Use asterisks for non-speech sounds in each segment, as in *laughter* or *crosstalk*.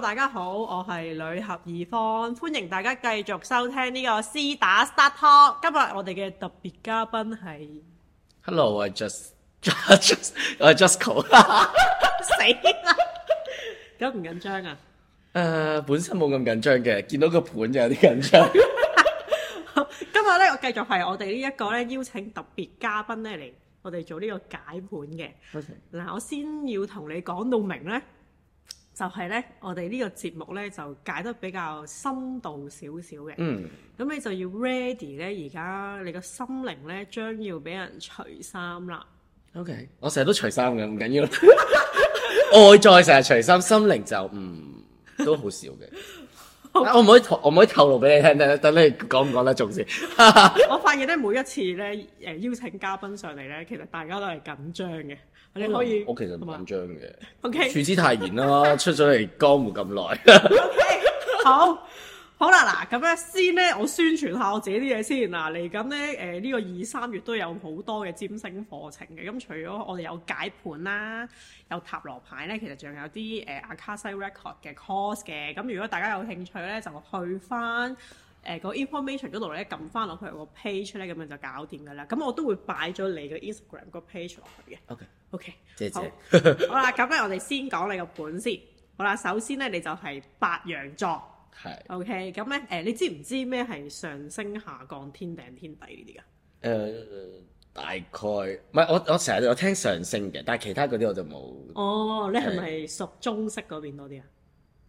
大家好，我係女俠怡芳，歡迎大家繼續收聽呢個私打 Star Talk。今日我哋嘅特別嘉賓係，Hello，我係 Juzco，我係 Juzco，死啦，緊唔緊張啊？誒，本身冇咁緊張嘅，見到個盤就有啲緊張。今日咧，我繼續係我哋呢一個咧邀請特別嘉賓咧嚟，我哋做呢個解盤嘅。多謝嗱，我先要同你講到明咧。就係咧，我哋呢個節目咧就解得比較深度少少嘅。嗯，咁你就要 ready 咧，而家你個心靈咧將要俾人除衫，okay，啦。O *laughs* K，我成日都除衫嘅，唔緊要。外在成日除衫，心靈就唔、嗯、都好少嘅。Okay. 我唔可以，我唔可以透露俾你聽咧。等你講唔講得仲先？ *laughs* 我發現咧，每一次咧誒邀請嘉賓上嚟咧，其實大家都係緊張嘅。你 Okay, 可以我，我其實唔緊張嘅。O okay . K，處之泰然啦， *laughs* 出咗嚟江湖咁耐、 *laughs* okay,。O K，好好啦，嗱，咁樣先咧，我宣傳下我自己啲嘢先。嗱，嚟緊咧，誒、這、呢個二三月都有好多嘅占星課程嘅。咁、嗯、除咗我哋有解盤啦，有塔羅牌咧，其實仲有啲誒、呃、阿卡西 record 嘅 course 嘅。咁、嗯、如果大家有興趣咧，就去翻誒、嗯個 information 嗰度咧，撳翻落去個 page 咧，咁樣就搞掂噶啦。咁我都會擺咗你個 Instagram 個 page 落去嘅。OK OK，謝姐好啦，咁咧 *laughs* 我哋先講你個本先。好啦，首先咧你就係白羊座。係是。OK，咁咧誒，你知唔知咩係上升下降天頂天底呢啲噶？誒、呃，大概唔係我我成日我聽上升嘅，但係其他嗰啲我就冇。哦，你係咪屬中式嗰邊多啲啊？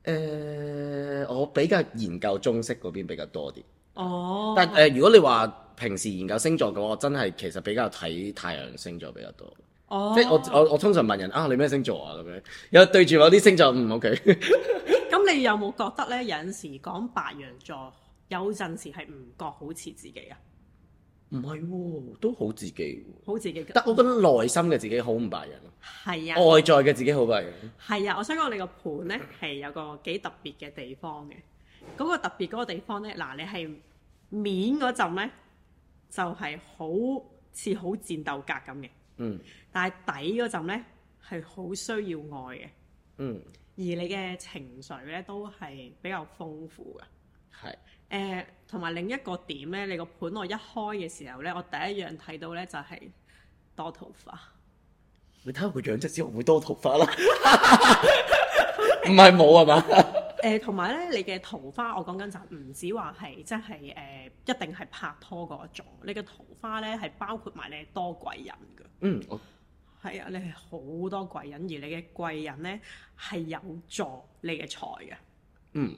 誒、呃，我比較研究中式嗰邊比較多啲。哦、oh.，但、呃、係如果你話平時研究星座嘅話，我真係其實比較睇太陽星座比較多。哦、oh.，即係我我我通常問人啊，你咩星座啊咁樣、 *laughs* okay， *laughs* 有對住我啲星座唔 OK。咁你有冇覺得咧有陣時講白羊座，有陣時係唔覺好似自己啊？唔係喎，都好自己喎、啊。好自己，但我覺得內心嘅自己好唔白人，係啊。外在嘅自己好白人，係啊。我想講你個盤咧，係有個幾特別嘅地方嘅。嗰、那個特別嗰個地方咧，嗱、呃，你係面嗰陣浸咧就係好似好戰鬥格咁嘅，嗯。但係底嗰浸咧係好需要愛嘅，嗯。而你嘅情緒咧都係比較豐富嘅，係。誒，同埋、呃、另一個點咧，你個盤我一開嘅時候咧，我第一樣睇到咧就係、是、多桃花。你睇下個樣，即知會唔會多桃花啦？唔係冇係嘛？誒，同埋咧，你嘅桃花，我講緊就唔止話係即係誒，一定係拍拖嗰種。你嘅桃花咧，係包括埋你多貴人嘅。嗯，我係啊、哎，你係好多貴人，而你嘅貴人咧係有助你嘅財嘅。嗯。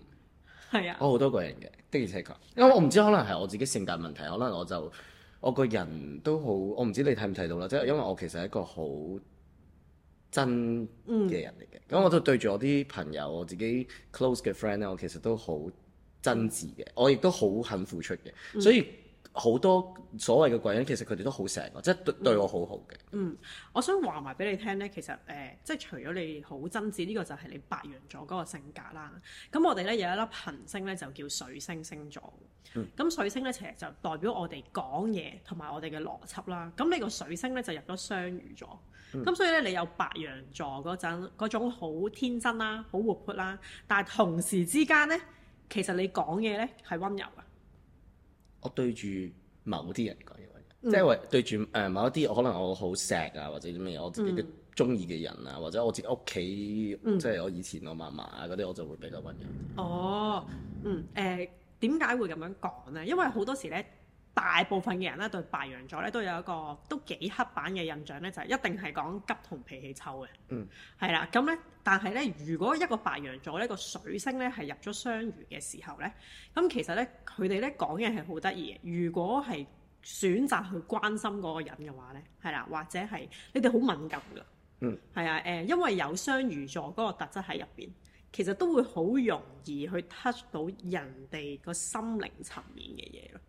係啊，我好多個人嘅的而且確，因為我唔知可能係我自己性格問題，可能我就我個人都好，我唔知你睇唔睇到啦，即係因為我其實係一個好真嘅人嚟嘅，咁、嗯、我就對住我啲朋友、我自己 close 嘅 friend 咧，我其實都好真摯嘅，我亦都好肯付出嘅，所以。嗯。好多所謂嘅貴人，其實佢哋都好錫我，即係對，對我好好嘅。嗯，我想話埋俾你聽呢，其實誒、呃，即係除咗你好真摯，呢、這個就係你白羊座嗰個性格啦。咁我哋呢有一粒行星呢，就叫水星星座。嗯。咁水星呢，其實就代表我哋講嘢同埋我哋嘅邏輯啦。咁你個水星呢，就入咗雙魚座。咁、嗯、所以呢，你有白羊座嗰陣嗰種好天真啦，好活潑啦，但係同時之間呢，其實你講嘢呢，係温柔嘅。我對住某啲人講嘢，嗯、即係為對住誒某一啲可能我好錫啊，或者啲咩，我自己嘅中意嘅人啊，嗯、或者我自己屋企，嗯、即係我以前我嫲嫲啊嗰啲，我就會比較温柔。哦，嗯，誒、呃，點解會咁樣講咧？因為好多時咧。大部分嘅人咧對白羊座咧都有一個都幾刻板嘅印象咧，就係一定係講急同脾氣臭嘅。嗯，係啦。咁咧，但係咧，如果一個白羊座呢個水星咧係入咗雙魚嘅時候咧，咁其實咧佢哋咧講嘢係好得意嘅。如果係選擇去關心嗰個人嘅話咧，係啦，或者係你哋好敏感㗎。嗯，係啊。誒、呃，因為有雙魚座嗰個特質喺入邊，其實都會好容易去 touch 到人哋個心靈層面嘅嘢咯。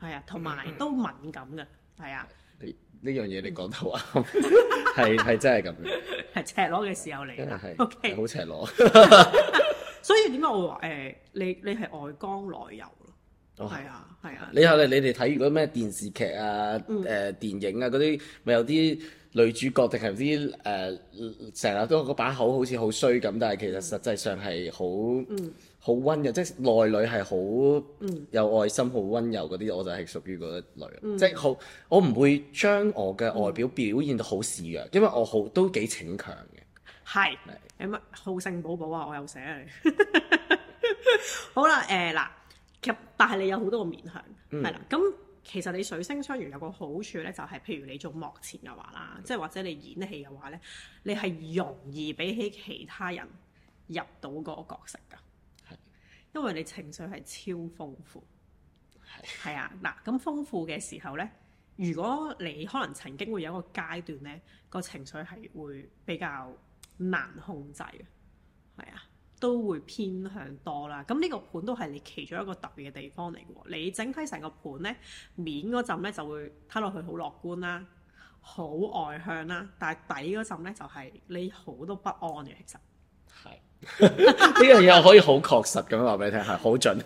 係啊，同埋都敏感嘅，係啊。呢呢、嗯嗯、樣嘢你講得啱，係係真係咁，係赤裸嘅時候嚟啦，OK，好赤裸。 *laughs* *laughs* 所以點解我話誒、欸，你你係外剛內柔咯，係啊係啊。啊啊你係你你哋睇嗰咩電視劇啊，誒、嗯呃、電影啊，嗰啲咪有啲女主角定係唔知誒，成日、呃、都把口好似好衰咁，但係其實實際上係好。嗯好溫柔，即係內裏係好有愛心、好溫、嗯、柔嗰啲，我就係屬於嗰類。嗯、即係好，我唔會將我嘅外表表現到好示弱，因為我好都幾逞強嘅。係是，有好勝寶寶啊？我又寫你。 *laughs* *laughs* 好啦，誒、欸、嗱，但係你有好多個面向，係啦、嗯。咁其實你水星雙魚有個好處呢，就係、是、譬如你做幕前嘅話啦，即係或者你演戲嘅話呢，你係容易比起其他人入到個角色㗎。因為你情緒係超豐富，係 *laughs* 啊，嗱咁豐富嘅時候呢，如果你可能曾經會有一個階段呢，呢個情緒係會比較難控制嘅，係啊，都會偏向多啦。咁呢個盤都係你其中一個特別嘅地方嚟嘅喎。你整體成個盤呢，面嗰陣咧就會睇落去好樂觀啦，好外向啦，但係底嗰陣咧就係你好多不安嘅，其實係。 *laughs* 呢樣嘢我可以好確實咁樣話俾你聽，係好準。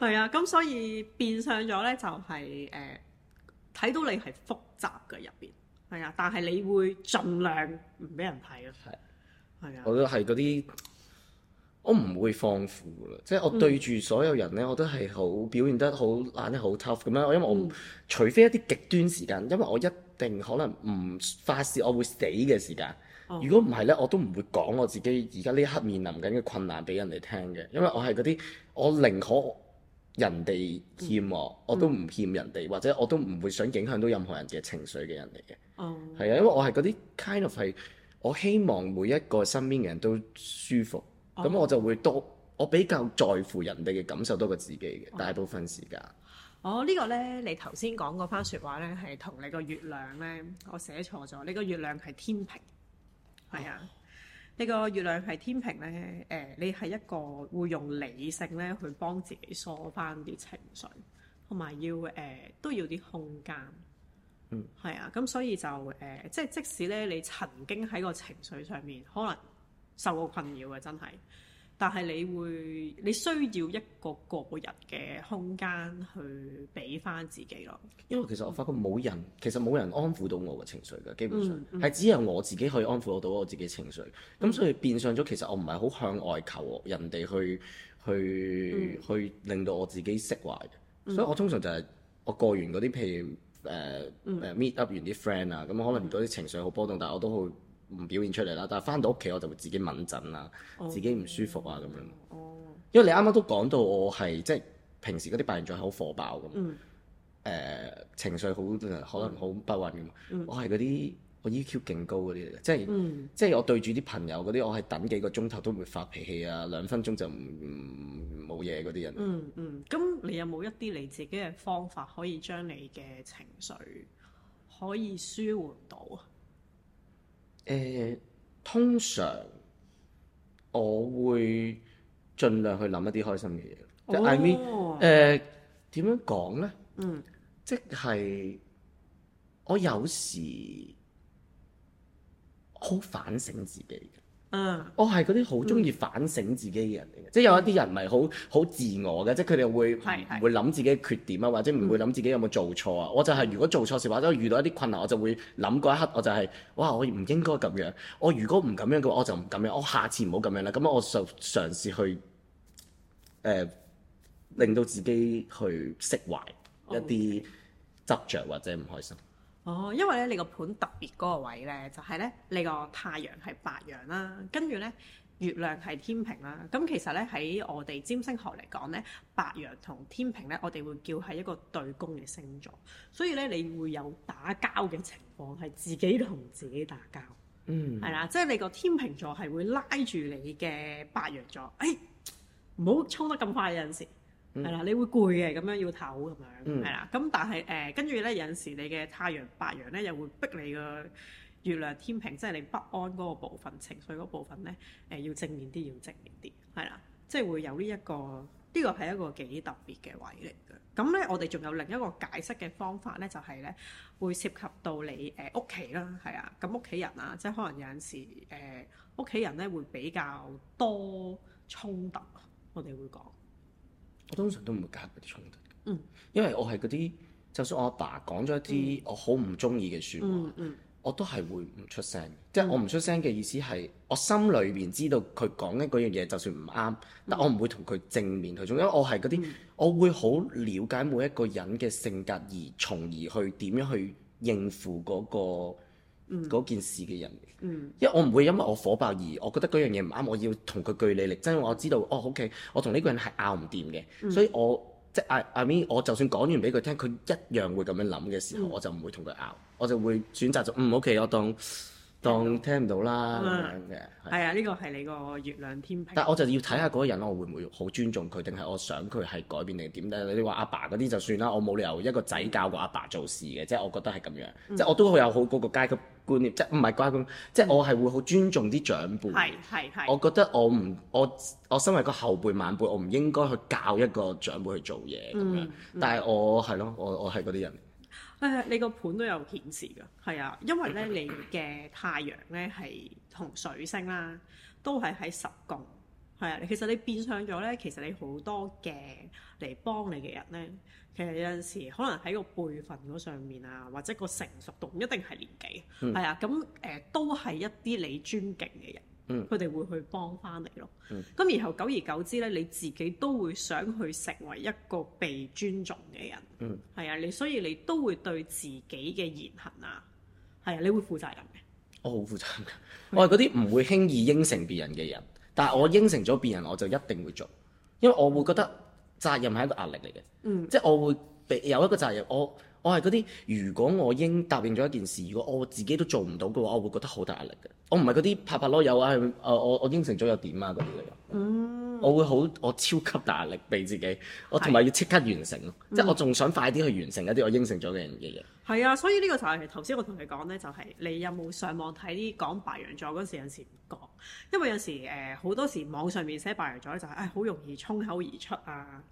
係 *laughs* *laughs* 啊，咁所以變相咗咧，就係、是、誒，睇、呃、到你係複雜嘅入邊，係啊，但係你會盡量唔俾人睇咯。係是，係啊。我都係嗰啲，我唔會放負噶啦。即係我對住所有人咧，嗯、我都係好表現得好硬得好 tough 咁樣。因為我、嗯、除非一啲極端時間，因為我一定可能唔發洩我會死嘅時間。如果唔係咧，我都唔會講我自己而家呢一刻面臨緊嘅困難俾人哋聽嘅，因為我係嗰啲我寧可人哋欠我，嗯嗯、我都唔欠人哋，或者我都唔會想影響到任何人嘅情緒嘅人嚟嘅。哦、嗯，係啊，因為我係嗰啲 kind of 係我希望每一個身邊嘅人都舒服，咁、嗯、我就會多我比較在乎人哋嘅感受多過自己嘅大部分時間。嗯、哦，呢、呢個呢，你頭先講嗰番説話呢，係同你個月亮呢。我寫錯咗，你個月亮係天秤。係啊，呢個月亮係天平咧，誒、呃，你係一個會用理性咧去幫自己梳返啲情緒，同埋要誒、呃、都要啲空間。嗯，係啊，咁所以就誒、呃，即係即使咧，你曾經喺個情緒上面可能受過困擾嘅，真係。但係你會你需要一個個人嘅空間去俾翻自己咯。因為其實我發覺冇人，嗯、其實冇人安撫到我嘅情緒嘅，基本上係、嗯嗯、只有我自己可以安撫到我自己情緒。咁所以變相咗，其實我唔係好向外求人哋去、嗯、去去，去令到我自己釋懷嘅。嗯、所以我通常就係、是、我過完嗰啲譬如誒誒、呃嗯呃、meet up 完啲 friend 啊，咁、嗯、可能遇到啲情緒好波動，但係我都會唔表現出嚟啦，但係翻到屋企我就會自己敏感啦，oh、自己唔舒服啊咁樣。哦，oh. oh. 因為你啱啱都講到我係即係平時嗰啲白羊座係好火爆咁，誒、mm. 呃、情緒好可能好不穩咁、mm. 我係嗰啲我 EQ 勁高嗰啲嚟，即係、mm. 即係我對住啲朋友嗰啲，我係等幾個鐘頭都唔會發脾氣啊，兩分鐘就唔冇嘢嗰啲人。嗯嗯，咁你有冇一啲你自己嘅方法可以將你嘅情緒可以舒緩到？誒、呃、通常我會盡量去諗一啲開心嘅嘢，即係 I mean 誒點樣講咧？嗯，即係我有時好反省自己嘅。嗯，我係嗰啲好中意反省自己嘅人嚟嘅、mm.，即係有一啲人唔係好好自我嘅，即係佢哋會唔會諗自己嘅缺點啊，或者唔會諗自己有冇做錯啊？Mm. 我就係如果做錯事或者遇到一啲困難，我就會諗嗰一刻我就係、是，哇！我唔應該咁樣，我如果唔咁樣嘅話，我就唔咁樣，我下次唔好咁樣啦。咁我就嘗試去誒、呃、令到自己去釋懷一啲執着，或者唔開心。Okay. 哦，因為咧你個盤特別嗰個位咧，就係咧你個太陽係白羊啦，跟住咧月亮係天秤啦。咁其實咧喺我哋占星學嚟講咧，白羊同天秤咧，我哋會叫係一個對宮嘅星座，所以咧你會有打交嘅情況，係自己同自己打交。嗯，係啦，即係你個天秤座係會拉住你嘅白羊座，誒唔好衝得咁快有陣時。有時係啦，你會攰嘅，咁樣要唞咁樣，係啦。咁但係誒，跟住咧有陣時你嘅太陽白羊咧，又會逼你個月亮天平，即係你不安嗰個部分、情緒嗰部分咧，誒要正面啲，要正面啲，係啦，即係會有呢一個，呢個係一個幾特別嘅位嚟嘅。咁咧，我哋仲有另一個解釋嘅方法咧，就係咧會涉及到你誒屋企啦，係啊，咁屋企人啊，即係可能有陣時誒屋企人咧會比較多衝突，我哋會講。我通常都唔會加入嗰啲衝突。嗯，因為我係嗰啲，就算我阿爸講咗一啲我好唔中意嘅説話，嗯嗯、我都係會唔出聲。嗯、即係我唔出聲嘅意思係，我心裏邊知道佢講嘅嗰樣嘢就算唔啱，但我唔會同佢正面去衝，嗯、因為我係嗰啲，嗯、我會好了解每一個人嘅性格，而從而去點樣去應付嗰、嗰個，嗰件事嘅人，因為我唔會因為我火爆而我覺得嗰樣嘢唔啱，我要同佢據理力爭。我知道哦，OK 我同呢個人係拗唔掂嘅，所以我即係阿阿咪，我就算講完俾佢聽，佢一樣會咁樣諗嘅時候，我就唔會同佢拗，我就會選擇就唔 OK 我當當聽唔到啦咁樣嘅。係啊，呢個係你個月亮天平。但我就要睇下嗰個人，我會唔會好尊重佢，定係我想佢係改變定點咧？你話阿爸嗰啲就算啦，我冇理由一個仔教過阿爸做事嘅，即係我覺得係咁樣，即係我都會有好過個階級觀念即係唔係乖觀，即係我係會好尊重啲長輩。係係係。我覺得我唔我我身為個後輩晚輩，我唔應該去教一個長輩去做嘢咁樣。嗯嗯、但係我係咯，我我係嗰啲人。誒、 *laughs* 嗯，你個盤都有顯示㗎，係啊，因為咧你嘅太陽咧係同水星啦，都係喺十宮。係啊，其實你變相咗咧，其實你好多嘅嚟幫你嘅人咧，其實有陣時可能喺個輩份嗰上面啊，或者個成熟度唔一定係年紀，係、嗯、啊，咁誒、呃、都係一啲你尊敬嘅人，佢哋會去幫翻你咯。咁、嗯、然後久而久之咧，你自己都會想去成為一個被尊重嘅人。係啊、嗯，你 *laughs* 所以你都會對自己嘅言行啊，係啊，你會負責任嘅。我好、哦、負責任，我係嗰啲唔會輕易應承別人嘅人。但係我應承咗別人，我就一定會做，因為我會覺得責任係一個壓力嚟嘅，嗯、即係我會俾有一個責任我。我係嗰啲，如果我應答應咗一件事，如果我自己都做唔到嘅話，我會覺得好大壓力嘅。我唔係嗰啲拍拍籮、呃、柚啊，我我應承咗又點啊嗰啲嚟嘅。嗯、我會好，我超級大壓力俾自己，我同埋是要即刻完成咯，嗯、即係我仲想快啲去完成一啲我應承咗嘅人嘅嘢。係啊，所以呢個就係頭先我同你講呢，就係、是、你有冇上網睇啲講白羊座嗰時有時唔講，因為有時誒好、呃、多時網上面寫白羊座就係誒好容易衝口而出啊。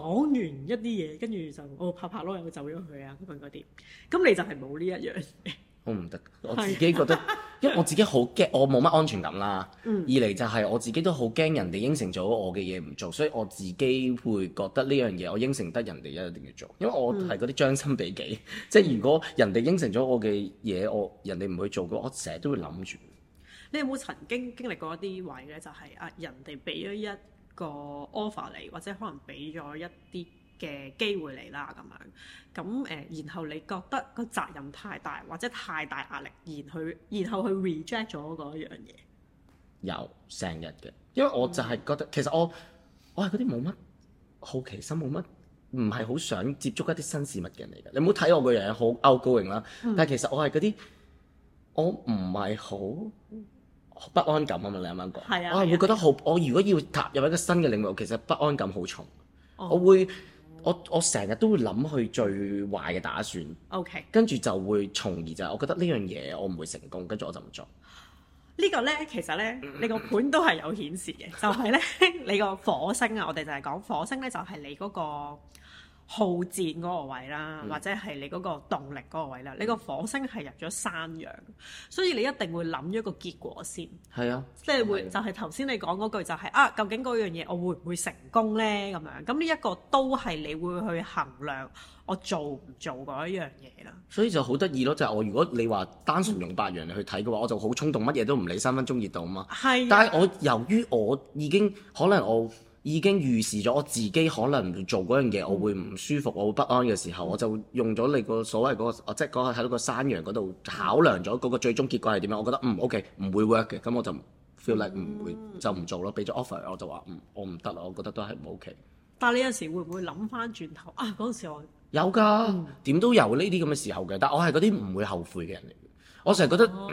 講完一啲嘢，跟住就我拍拍攞，又走咗佢啊，咁嗰啲。咁你就係冇呢一樣嘢。我唔得，我自己覺得， *laughs* 因為我自己好驚，我冇乜安全感啦。嗯、二嚟就係我自己都好驚人哋應承咗我嘅嘢唔做，所以我自己會覺得呢樣嘢我應承得人哋一定要做，因為我係嗰啲將心比己。嗯、即係如果人哋應承咗我嘅嘢，我人哋唔去做嘅，我成日都會諗住。你有冇曾經經歷過一啲壞嘅？就係啊，人哋俾咗一個 offer 嚟，或者可能俾咗一啲嘅機會你啦，咁樣咁誒、呃，然後你覺得個責任太大，或者太大壓力，而去然後去 reject 咗嗰樣嘢。有成日嘅，因為我就係覺得，嗯、其實我我係嗰啲冇乜好奇心，冇乜唔係好想接觸一啲新事物嘅人嚟嘅。你冇睇我個樣好 outgoing 啦，嗯、但係其實我係嗰啲我唔係好。嗯不安感啊嘛，你啱啱講，係啊、我係會覺得好，啊、我如果要踏入一個新嘅領域，其實不安感好重，哦、我會，我我成日都會諗去最壞嘅打算，OK，跟住就會從而就係，我覺得呢樣嘢我唔會成功，跟住我就唔做。呢個呢，其實呢，你個盤都係有顯示嘅，就係、係、呢。 *laughs* 你個火星啊，我哋就係講火星呢，就係、係、你嗰、嗰個。好戰嗰個位啦，嗯、或者係你嗰個動力嗰個位啦。嗯、你個火星係入咗山羊，所以你一定會諗一個結果先。係啊，即係會的就係頭先你講嗰句就係、是、啊，究竟嗰樣嘢我會唔會成功呢？」咁樣咁呢一個都係你會去衡量我做唔做嗰一樣嘢啦。所以就好得意咯，就係、是、我如果你話單純用白羊嚟去睇嘅話，我就好衝動，乜嘢都唔理，三分鐘熱度啊嘛。係是、啊，但係我由於我已經可能我。已經預示咗我自己可能做嗰樣嘢，我會唔舒服，我會不安嘅時候，我就用咗你個所謂嗰、那個，即係嗰個喺個山羊嗰度考量咗嗰個最終結果係點樣。我覺得唔、嗯、OK，唔會 work 嘅，咁我就 feel like 唔會就唔做咯。俾咗 offer 我就話嗯我唔得啦，我覺得都係唔 OK。但你有陣時會唔會諗翻轉頭啊？嗰、那、陣、個、時我有㗎的，點、嗯、都有呢啲咁嘅時候嘅。但係我係嗰啲唔會後悔嘅人嚟。我成日覺得，哦、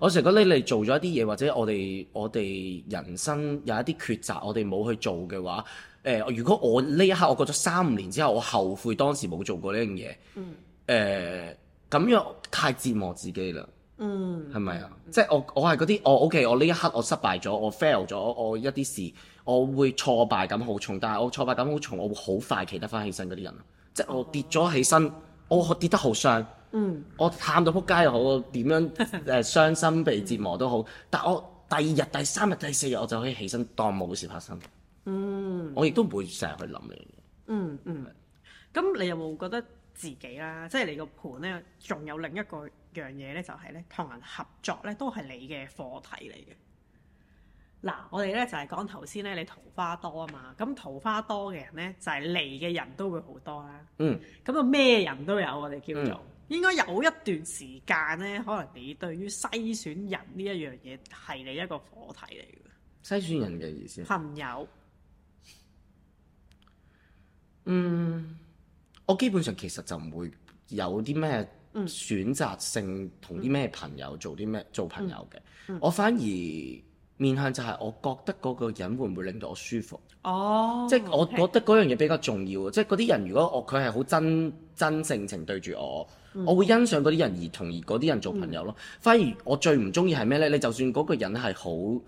我成日覺得你哋做咗一啲嘢，或者我哋我哋人生有一啲抉擇，我哋冇去做嘅話，誒、呃，如果我呢一刻我過咗三五年之後，我後悔當時冇做過呢樣嘢，誒、嗯，咁樣，呃，太折磨自己啦，係咪啊？是是嗯、即係我我係嗰啲，我，我 OK，我呢一刻我失敗咗，我 fail 咗，我一啲事，我會挫敗感好重，但係我挫敗感好重，我會好快企得翻起身嗰啲人，嗯、即係我跌咗起身，我跌得好傷。嗯，我喊到撲街又好，點樣誒、呃、傷心被折磨都好， *laughs* 但我第二日、第三日、第四日，我就可以起身當冇事發生。嗯，我亦都唔會成日去諗呢樣嘢、嗯。嗯嗯，咁你有冇覺得自己啦？即係你個盤咧，仲有另一個樣嘢咧，就係咧同人合作咧，都係你嘅課題嚟嘅。嗱，我哋咧就係、是、講頭先咧，你桃花多啊嘛，咁桃花多嘅人咧，就係嚟嘅人都會好多啦、啊。嗯，咁就咩人都有，我哋叫做。嗯應該有一段時間呢，可能你對於篩選人呢一樣嘢係你一個課題嚟嘅。篩選人嘅意思，朋友？嗯，我基本上其實就唔會有啲咩選擇性同啲咩朋友做啲咩做朋友嘅。嗯，嗯，我反而面向就係我覺得嗰個人會唔會令到我舒服。哦，oh, okay. 即係我覺得嗰樣嘢比較重要，即係嗰啲人如果我佢係好真真性情對住我，mm hmm. 我會欣賞嗰啲人而同而嗰啲人做朋友咯。Mm hmm. 反而我最唔中意係咩咧？你就算嗰個人係好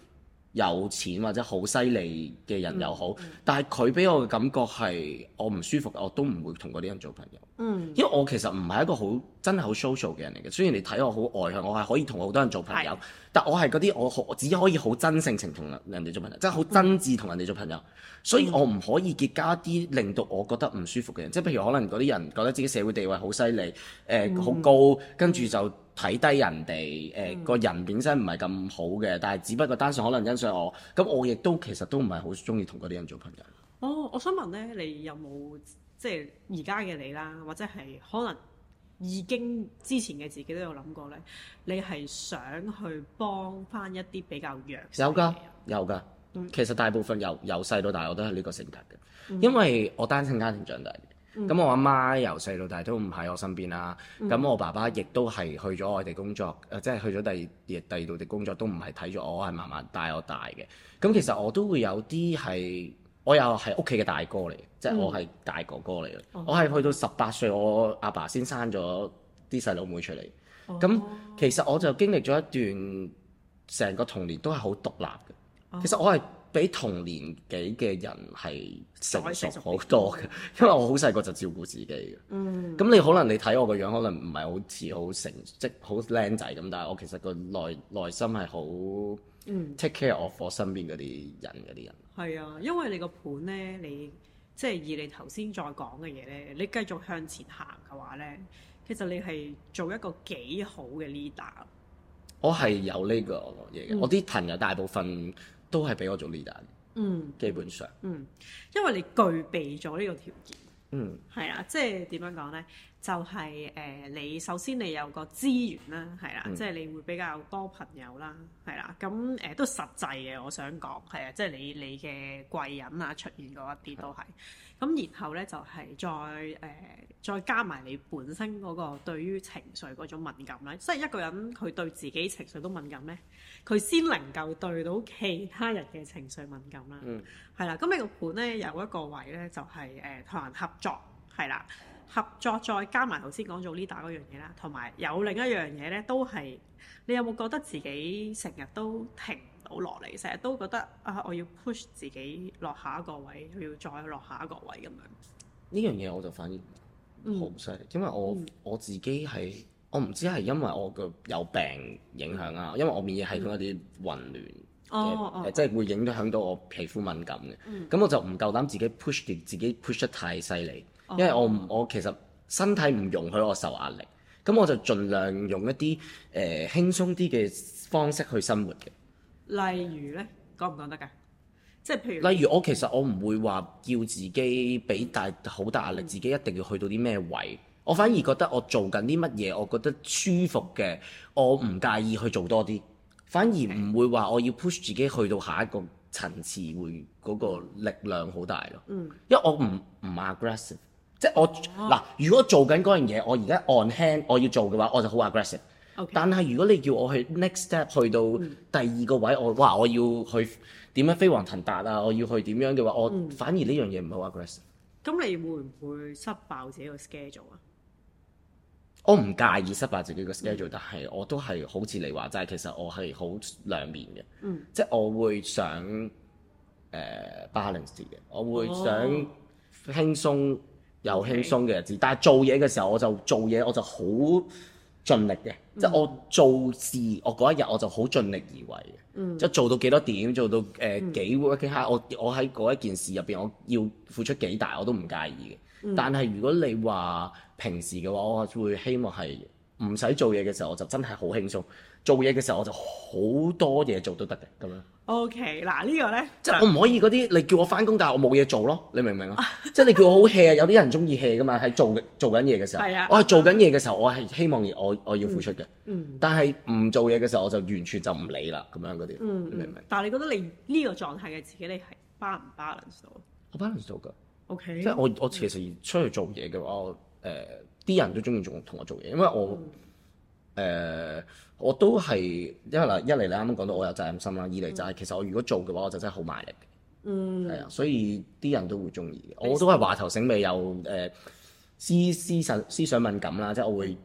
有錢或者好犀利嘅人又好，mm hmm. 但係佢俾我嘅感覺係我唔舒服，我都唔會同嗰啲人做朋友。嗯、mm，hmm. 因為我其實唔係一個好真係好 social 嘅人嚟嘅，雖然你睇我好外向，我係可以同好多人做朋友，是但我係嗰啲我可我只可以好真性情同人哋、嗯、做朋友，即係好真摯同人哋做朋友，所以我唔可以結交啲令到我覺得唔舒服嘅人，即係譬如可能嗰啲人覺得自己社會地位好犀利，誒、呃、好、嗯、高，跟住就睇低人哋，誒、呃嗯、個人本身唔係咁好嘅，但係只不過單純可能欣賞我，咁我亦都其實都唔係好中意同嗰啲人做朋友。哦，我想問咧，你有冇即係而家嘅你啦，或者係可能？已經之前嘅自己都有諗過咧，你係想去幫翻一啲比較弱嘅人有？有㗎，有㗎、嗯。其實大部分由由細到大我都係呢個性格嘅，嗯、因為我單親家庭長大嘅，咁、嗯、我阿媽、媽由細到大都唔喺我身邊啦。咁、嗯、我爸爸亦都係去咗外地工作，誒、嗯、即係去咗第、第、第二第二度嘅工作，都唔係睇住我，係慢慢帶我大嘅。咁其實我都會有啲係。嗯嗯我又係屋企嘅大哥嚟，即係我係大哥哥嚟咯。我係去到十八歲，我阿爸先生咗啲細佬妹出嚟。咁其實我就經歷咗一段成個童年都係好獨立嘅。其實我係比同年紀嘅人係成熟好多嘅，因為我好細個就照顧自己嘅。咁你可能你睇我個樣，可能唔係好似好成即好靚仔咁，但係我其實個內內心係好 take care of 我身邊啲人嗰啲人。嗯。係啊，因為你個盤咧，你即係以你頭先再講嘅嘢咧，你繼續向前行嘅話咧，其實你係做一個幾好嘅 leader。我係有呢、這個嘢嘅，嗯、我啲朋友大部分都係俾我做 leader。嗯，基本上嗯，嗯，因為你具備咗呢個條件。嗯，係啊，即係點樣講咧？就係、是、誒、呃，你首先你有個資源啦，係啦、嗯，即係你會比較多朋友啦，係啦，咁誒、呃、都實際嘅。我想講，係啊，即係你你嘅貴人啊出現嗰一啲都係。咁然後咧就係再誒、呃、再加埋你本身嗰個對於情緒嗰種敏感咧，所以一個人佢對自己情緒都敏感咧，佢先能夠對到其他人嘅情緒敏感啦。嗯，係啦，咁你個盤咧有一個位咧就係、呃、同人合作係啦，合作再加埋頭先講做 leader 嗰樣嘢啦，同埋有，有另一樣嘢咧都係，你有冇覺得自己成日都停到落嚟，成日都覺得啊，我要 push 自己落下，下一個位，要再落下一個位咁樣，呢樣嘢我就反應好犀利，嗯、因為我我自己係我唔知係因為我個有病影響啊，嗯、因為我免疫系統有啲混亂，嗯，哦、哦、呃、哦即係會影響到我皮膚敏感嘅。咁、嗯、我就唔夠膽自己 push 自己 push 得太犀利，哦、因為我我其實身體唔容許我受壓力，咁我就盡量用一啲誒、呃呃、輕鬆啲嘅方式去生活嘅。例如咧，講唔講得㗎？即係譬如，例如我其實我唔會話叫自己俾大好大壓力，嗯、自己一定要去到啲咩位。嗯、我反而覺得我做緊啲乜嘢，我覺得舒服嘅，我唔介意去做多啲。反而唔會話我要 push 自己去到下一個層次，會嗰個力量好大咯。嗯，因為我唔唔 aggressive，即係我嗱、哦，如果做緊嗰樣嘢，我而家 on hand 我要做嘅話，我就好 aggressive。Okay. 但係如果你叫我去 next step 去到第二個位，我話、嗯、我要去點樣飛黃騰達啊，我要去點樣嘅話，我反而呢樣嘢唔好 aggressive。咁你會唔會失爆自己個 schedule 啊？嗯嗯嗯、我唔介意失爆自己個 schedule，嗯、但係我都係好似你話齋，其實我係好兩面嘅，嗯、即係我會想誒、呃、balance 嘅，我會想輕鬆又、哦、輕鬆嘅日子，Okay. 但係做嘢嘅時候我就做嘢，我就好。盡力嘅，即係我做事，我嗰一日我就好盡力而為嘅。嗯、即係做到幾多點，做到誒幾、呃、working hard 我我喺嗰一件事入邊，我要付出幾大我都唔介意嘅。但係如果你話平時嘅話，我會希望係唔使做嘢嘅時候，我就真係好輕鬆；做嘢嘅時候，我就好多嘢做都得嘅咁樣。O K，嗱呢個咧，即係我唔可以嗰啲你叫我返工，但係我冇嘢做咯，你明唔明啊？ *laughs* 即係你叫我好 hea，有啲人中意 hea 㗎嘛，喺做做緊嘢嘅時候，我係做緊嘢嘅時候，我係希望我我要付出嘅、嗯。嗯，但係唔做嘢嘅時候，我就完全就唔理啦，咁樣嗰啲、嗯。嗯，你明唔明？但係你覺得你呢個狀態嘅自己你，你係 balance 唔 balance 到？Okay? 我 balance 到㗎。O K，即係我我其實出去做嘢嘅話，誒啲、呃、人都中意做同我做嘢，因為我誒。嗯呃我都係因為一嚟，你啱啱講到我有責任心啦；二嚟就係其實我如果做嘅話，我就真係好賣力嘅，係啊、嗯，所以啲人都會中意嘅。我都係話頭醒尾又誒思思想思想敏感啦，即係我會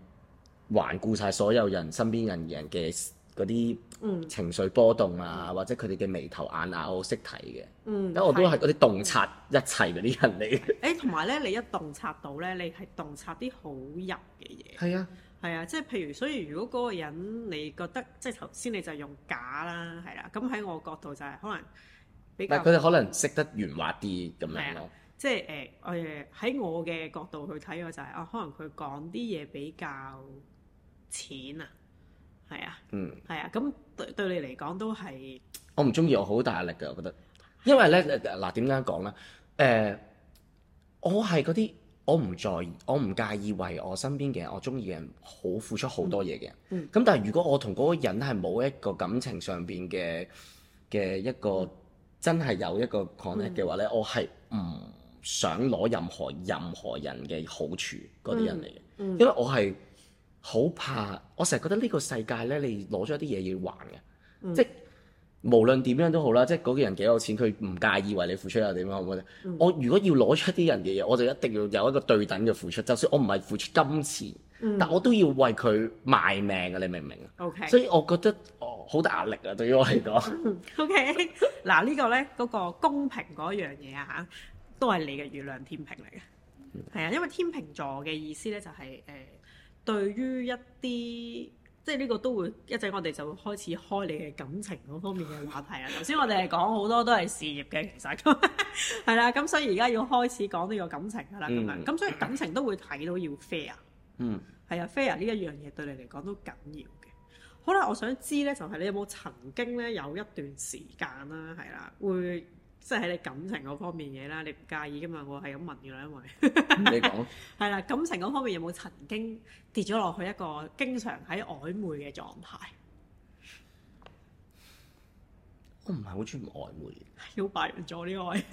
環顧晒所有人身邊人人嘅嗰啲情緒波動啊，嗯、或者佢哋嘅眉頭眼眼，我識睇嘅。嗯，咁我都係嗰啲洞察一切嗰啲人嚟嘅。誒、嗯，同埋咧， *laughs* 你一洞察到咧，你係洞察啲好入嘅嘢。係啊。係啊，即係譬如，所以如果嗰個人你覺得，即係頭先你就用假啦，係啦、啊，咁喺我角度就係可能比較，佢哋可能識得圓滑啲咁樣咯、啊。即係誒誒，喺、呃、我嘅、呃、角度去睇、就係，我就係啊，可能佢講啲嘢比較淺啊，係啊，嗯，係啊，咁對對你嚟講都係，我唔中意我好大壓力嘅，我覺得，因為咧，嗱點解講咧？誒、呃呃，我係嗰啲。我唔在意，我唔介意為我身邊嘅人，我中意嘅人好付出好多嘢嘅。咁、嗯、但係如果我同嗰個人係冇一個感情上邊嘅嘅一個真係有一個 connect 嘅話呢、嗯、我係唔想攞任何任何人嘅好處嗰啲人嚟嘅，嗯嗯、因為我係好怕，我成日覺得呢個世界呢，你攞咗啲嘢要還嘅，嗯、即無論點樣都好啦，即係嗰個人幾有錢，佢唔介意為你付出又點啊，好唔好？我覺得我如果要攞出啲人嘅嘢，我就一定要有一個對等嘅付出。就算我唔係付出金錢，嗯、但我都要為佢賣命嘅，你明唔明啊？OK，所以我覺得哦，好大壓力啊，對於我嚟講。 *laughs* OK，嗱 *laughs* 呢個呢，嗰、嗰個公平嗰樣嘢啊嚇，都係你嘅月亮天平嚟嘅，係啊、嗯，因為天秤座嘅意思呢、就係，就係誒，對於一啲。即係呢個都會一陣，我哋就會開始開你嘅感情嗰方面嘅話題啊！頭先 *laughs* 我哋係講好多都係事業嘅，其實咁係啦，咁 *laughs* 所以而家要開始講呢個感情噶啦，咁、嗯、樣咁所以感情都會睇到要 fair，嗯，係啊的 *laughs* ，fair 呢一樣嘢對你嚟講都緊要嘅。好啦，我想知咧就係、是、你有冇曾經咧有一段時間啦、啊，係啦，會。即係喺你感情嗰方面嘢啦，你唔介意噶嘛？我係咁問㗎啦，因為你講係啦，感情嗰方面有冇曾經跌咗落去一個經常喺曖昧嘅狀態？我唔係好中意曖昧，要擺咗呢個位。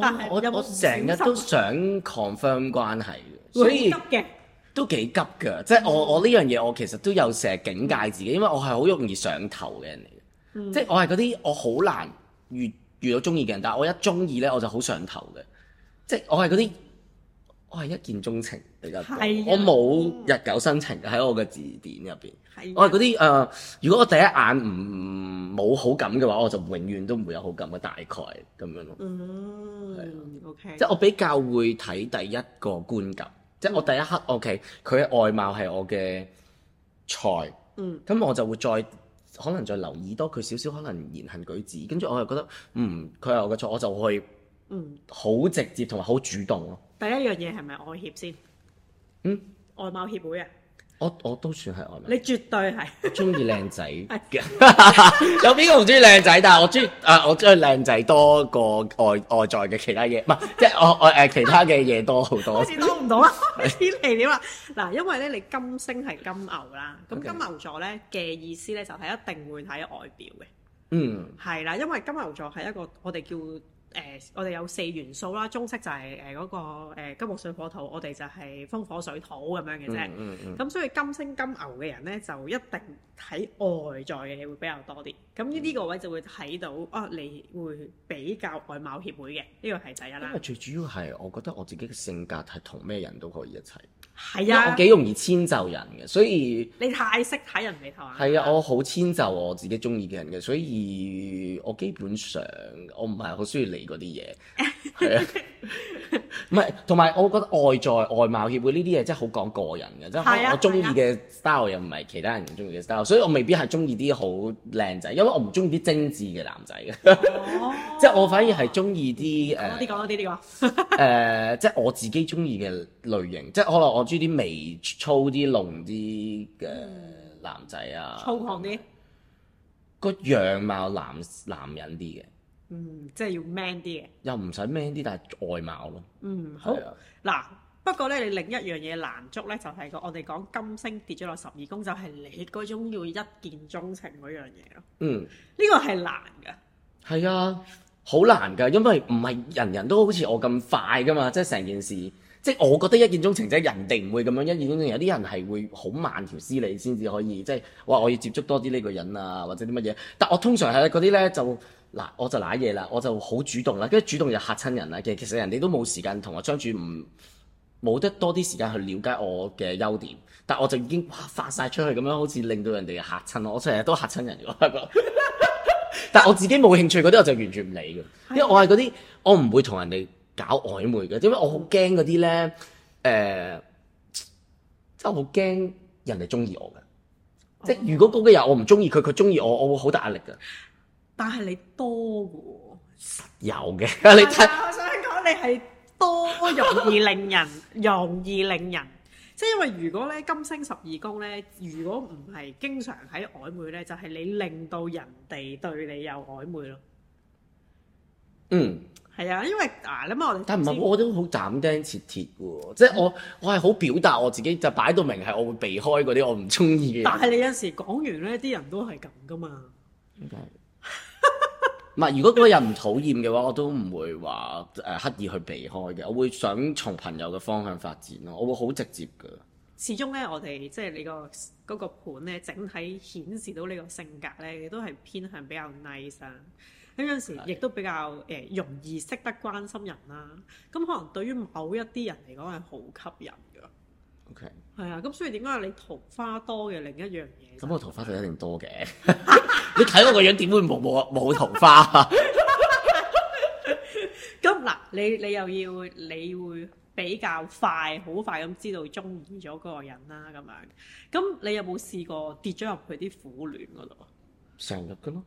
但係我我成日都想 confirm 關係嘅，所以都幾急嘅，即係我我呢樣嘢我其實都有成日警戒自己，因為我係好容易上頭嘅人嚟，即係我係嗰啲我好難。遇遇到中意嘅人，但係我一中意咧，我就好上頭嘅，即係我係嗰啲我係一見鍾情比較多，啊、我冇日久生情喺我嘅字典入邊。啊、我係嗰啲誒，如果我第一眼唔冇好感嘅話，我就永遠都唔會有好感嘅，大概咁樣咯。嗯、啊、OK。即係我比較會睇第一個觀感，嗯、即係我第一刻 OK，佢嘅外貌係我嘅菜，咁、嗯、我就會再。可能再留意多佢少少，可能言行舉止，跟住我又覺得，嗯，佢係我嘅錯，我就會，嗯，好直接同埋好主動咯、嗯。第一樣嘢係咪外協先？嗯，外貌協會啊。我我都算係外貌，你絕對係中意靚仔。 *laughs* *laughs* 有邊個唔中意靚仔？但係我中意誒，我中意靚仔多過外外在嘅其他嘢，唔係即係我外誒其他嘅嘢多，多 *laughs* 好多，多。好似撈唔到啦，天奇料啦。嗱，因為咧你金星係金牛啦，咁金牛座咧嘅意思咧就係一定會睇外表嘅。嗯，係啦，因為金牛座係一個我哋叫。誒、呃，我哋有四元素啦，中式就係誒嗰個、呃、金木水火土，我哋就係風火水土咁樣嘅啫。咁、嗯嗯嗯、所以金星金牛嘅人呢，就一定睇外在嘅嘢會比較多啲。咁呢個位就會睇到、嗯、啊，你會比較外貌協會嘅呢個係第一啦。因為最主要係，我覺得我自己嘅性格係同咩人都可以一齊。係啊，我幾容易遷就人嘅，所以你太識睇人眉頭啊。係啊，我好遷就我自己中意嘅人嘅，所以我基本上我唔係好需要理嗰啲嘢，係 *laughs* 啊。唔係，同埋我覺得外在外貌協會呢啲嘢真係好講個人嘅，即係我中意嘅 style 又唔係其他人中意嘅 style，所以我未必係中意啲好靚仔，因為我唔中意啲精緻嘅男仔嘅，哦、 *laughs* 即係我反而係中意啲誒，啲講啲啲講。誒，即係我自己中意嘅類型，即係可能我。啲眉粗啲濃啲嘅男仔啊，粗獷啲，個樣貌男男人啲嘅，嗯，即係要 man 啲嘅，又唔使 man 啲，但係外貌咯，嗯，好嗱、啊。不過咧，你另一樣嘢難捉咧，就係、是、個我哋講金星跌咗落十二宮，就係、是、你嗰種要一見鍾情嗰樣嘢咯。嗯，呢個係難噶，係、嗯、啊，好難噶，因為唔係人，人人都好似我咁快噶嘛，即係成件事。即係我覺得一見鐘情啫，人哋唔會咁樣一見鐘情。有啲人係會好慢條斯理先至可以，即係哇，我要接觸多啲呢個人啊，或者啲乜嘢。但我通常係嗰啲咧就嗱，我就揦嘢啦，我就好主動啦。跟住主動就嚇親人啦。其實其實人哋都冇時間同我相處，唔冇得多啲時間去了解我嘅優點。但我就已經哇發晒出去咁樣，好似令到人哋嚇親我。我成日都嚇親人 *laughs* *laughs* 但我自己冇興趣嗰啲我就完全唔理㗎，因為我係嗰啲我唔會同人哋。搞曖昧嘅，點解我好驚嗰啲咧？誒，即係好驚人哋中意我嘅。即係如果嗰個人我唔中意佢，佢中意我，我會好大壓力㗎。但係你多嘅，有嘅，你睇。我想講你係多容易令人，容易令人，即係因為如果咧，金星十二宮咧，如果唔係經常喺曖昧咧，就係你令到人哋對你有曖昧咯。嗯。係啊，因為嗱，咁、啊、我哋但唔係，我都好斬釘截鐵嘅喎，即係我 *laughs* 我係好表達我自己，就擺到明係我會避開嗰啲我唔中意嘅。但係你有時講完咧，啲人都係咁噶嘛。唔係，如果嗰個人唔討厭嘅話，我都唔會話誒、呃、刻意去避開嘅，我會想從朋友嘅方向發展咯，我會好直接㗎。始終咧，我哋即係你個嗰、那個盤咧，整體顯示到你個性格咧，都係偏向比較 nice。嗰陣時亦都比較誒容易識得關心人啦、啊，咁可能對於某一啲人嚟講係好吸引嘅。OK，係啊，咁所以點解你桃花多嘅另一樣嘢、就係？咁我桃花就一定多嘅， *laughs* *laughs* 你睇我個樣點會冇冇冇桃花？咁 *laughs* 嗱， *laughs* 你你又要你會比較快好快咁知道中意咗嗰個人啦，咁樣。咁你有冇試過跌咗入去啲苦戀嗰度啊？成日嘅咯。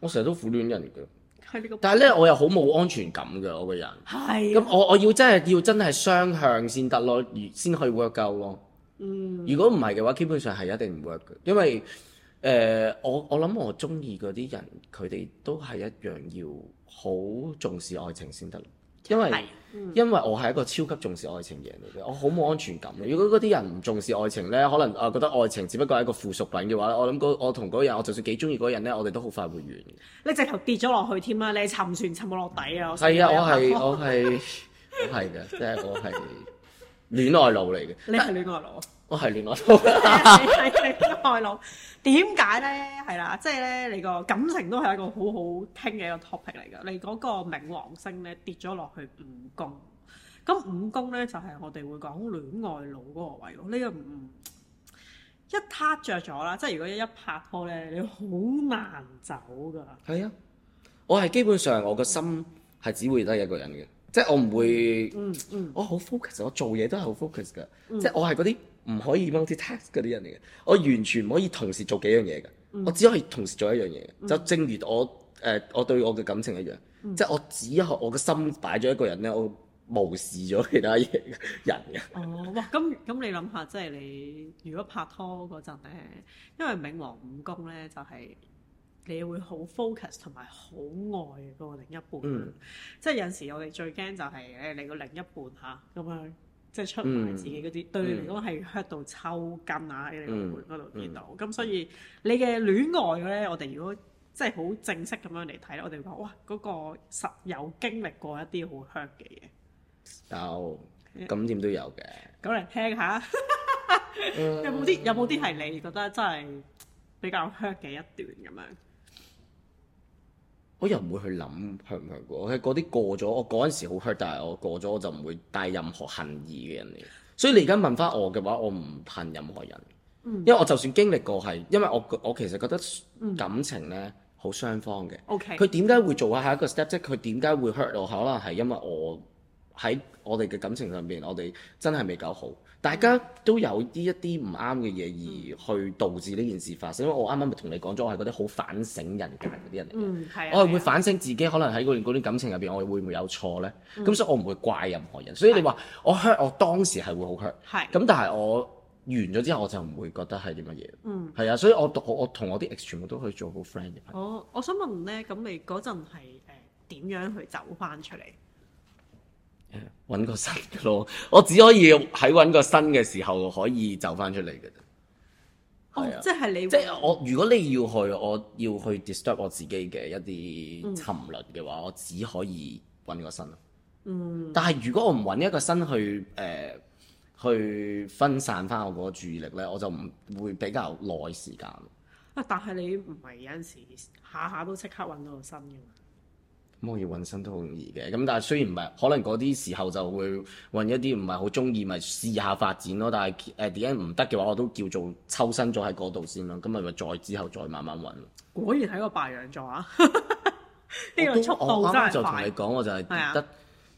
我成日都苦戀人嚟嘅，但係咧我又好冇安全感嘅我個人。係的。咁我我要真係要真係雙向先得咯，先可以 work 夠咯。嗯。如果唔係嘅話，基本上係一定唔 work 嘅。因為誒、呃，我我諗我中意嗰啲人，佢哋都係一樣要好重視愛情先得。因為因為我係一個超級重視愛情嘅人嚟嘅，我好冇安全感嘅。如果嗰啲人唔重視愛情咧，可能啊覺得愛情只不過係一個附屬品嘅話咧，我諗我同嗰人，我就算幾中意嗰人咧，我哋都好快會完嘅。你直頭跌咗落去添啦！你沉船沉冇落落底啊！我係啊，我係我係我係嘅，即係我係 *laughs* 戀愛腦嚟嘅。你係戀愛腦。 *laughs* 我係戀愛腦， *laughs* 係戀愛腦，點解咧？係啦、啊，即係咧，你個感情都係一個好好聽嘅一個 topic 嚟噶。你嗰個冥王星咧跌咗落去五宮，咁五宮咧就係、是，我哋會講戀愛腦嗰個位咯。呢個唔一撻着咗啦，即係如果一一拍拖咧，你好難走噶。係啊，我係基本上我個心係只會得一個人嘅，即、就、係、是、我唔會，嗯嗯，嗯我好 focus，我做嘢都係好 focus 噶，嗯、即係我係嗰啲。唔可以 multi-task 嗰啲人嚟嘅，我完全唔可以同時做幾樣嘢嘅，嗯、我只可以同時做一樣嘢嘅，嗯、就正如我誒、呃、我對我嘅感情一樣，嗯、即係我只學我嘅心擺咗一個人咧，我無視咗其他嘢人嘅、嗯。哦 *laughs* 哇！咁咁你諗下，即係你如果拍拖嗰陣咧，因為冥王五宮咧就係、是、你會好 focus 同埋好愛另、嗯、個另一半即係有時我哋最驚就係誒你個另一半嚇咁樣。即係出賣自己嗰啲、嗯，對你嚟講係 hurt 到抽筋啊！喺、嗯、你個門嗰度見到，咁、嗯嗯、所以你嘅戀愛咧，我哋如果即係好正式咁樣嚟睇咧，我哋會話哇，嗰、嗰個實有經歷過一啲好 hurt 嘅嘢，有，咁點都有嘅，咁嚟聽下，有冇啲有冇啲係你覺得真係比較 hurt 嘅一段咁樣？我又唔會去諗佢唔佢，我係嗰啲過咗，我嗰陣時好 hurt，但係我過咗我就唔會帶任何恨意嘅人嚟。所以你而家問翻我嘅話，我唔恨任何人，因為我就算經歷過係，因為我我其實覺得感情呢好雙方嘅。OK，佢點解會做下下一個 step 即係佢點解會 hurt 我？可能係因為我喺我哋嘅感情上邊，我哋真係未搞好。大家都有啲一啲唔啱嘅嘢，而去導致呢件事發生。因為我啱啱咪同你講咗，我係嗰啲好反省人嘅啲人嚟嘅。嗯，係、啊。我係會反省自己，可能喺嗰段段感情入邊，我會唔會有錯咧？咁、嗯、所以我唔會怪任何人。所以你話、啊、我 hurt，我當時係會好 hurt。係、啊。咁但係我完咗之後，我就唔會覺得係啲乜嘢。嗯。係啊，所以我我同我啲 ex 全部都可以做好 friend 嘅朋友，朋友我。我想問咧，咁你嗰陣係誒點樣去走返出嚟？搵個新嘅咯，我只可以喺搵個新嘅時候可以走翻出嚟嘅啫。係啊、哦，的即係你即係我。如果你要去，我要去 disturb 我自己嘅一啲沉淪嘅話，嗯、我只可以搵個新。嗯。但係如果我唔搵一個新去誒、呃，去分散翻我嗰個注意力咧，我就唔會比較耐時間。啊！但係你唔係有陣時下下都即刻搵到個新嘅。可以揾，身都好容易嘅，咁但係雖然唔係，可能嗰啲時候就會揾一啲唔係好中意，咪試下發展咯。但係誒點解唔得嘅話，我都叫做抽身咗喺嗰度先啦。咁咪咪再之後再慢慢揾。果然係個白羊座啊！呢個速度就同你講，我就係跌得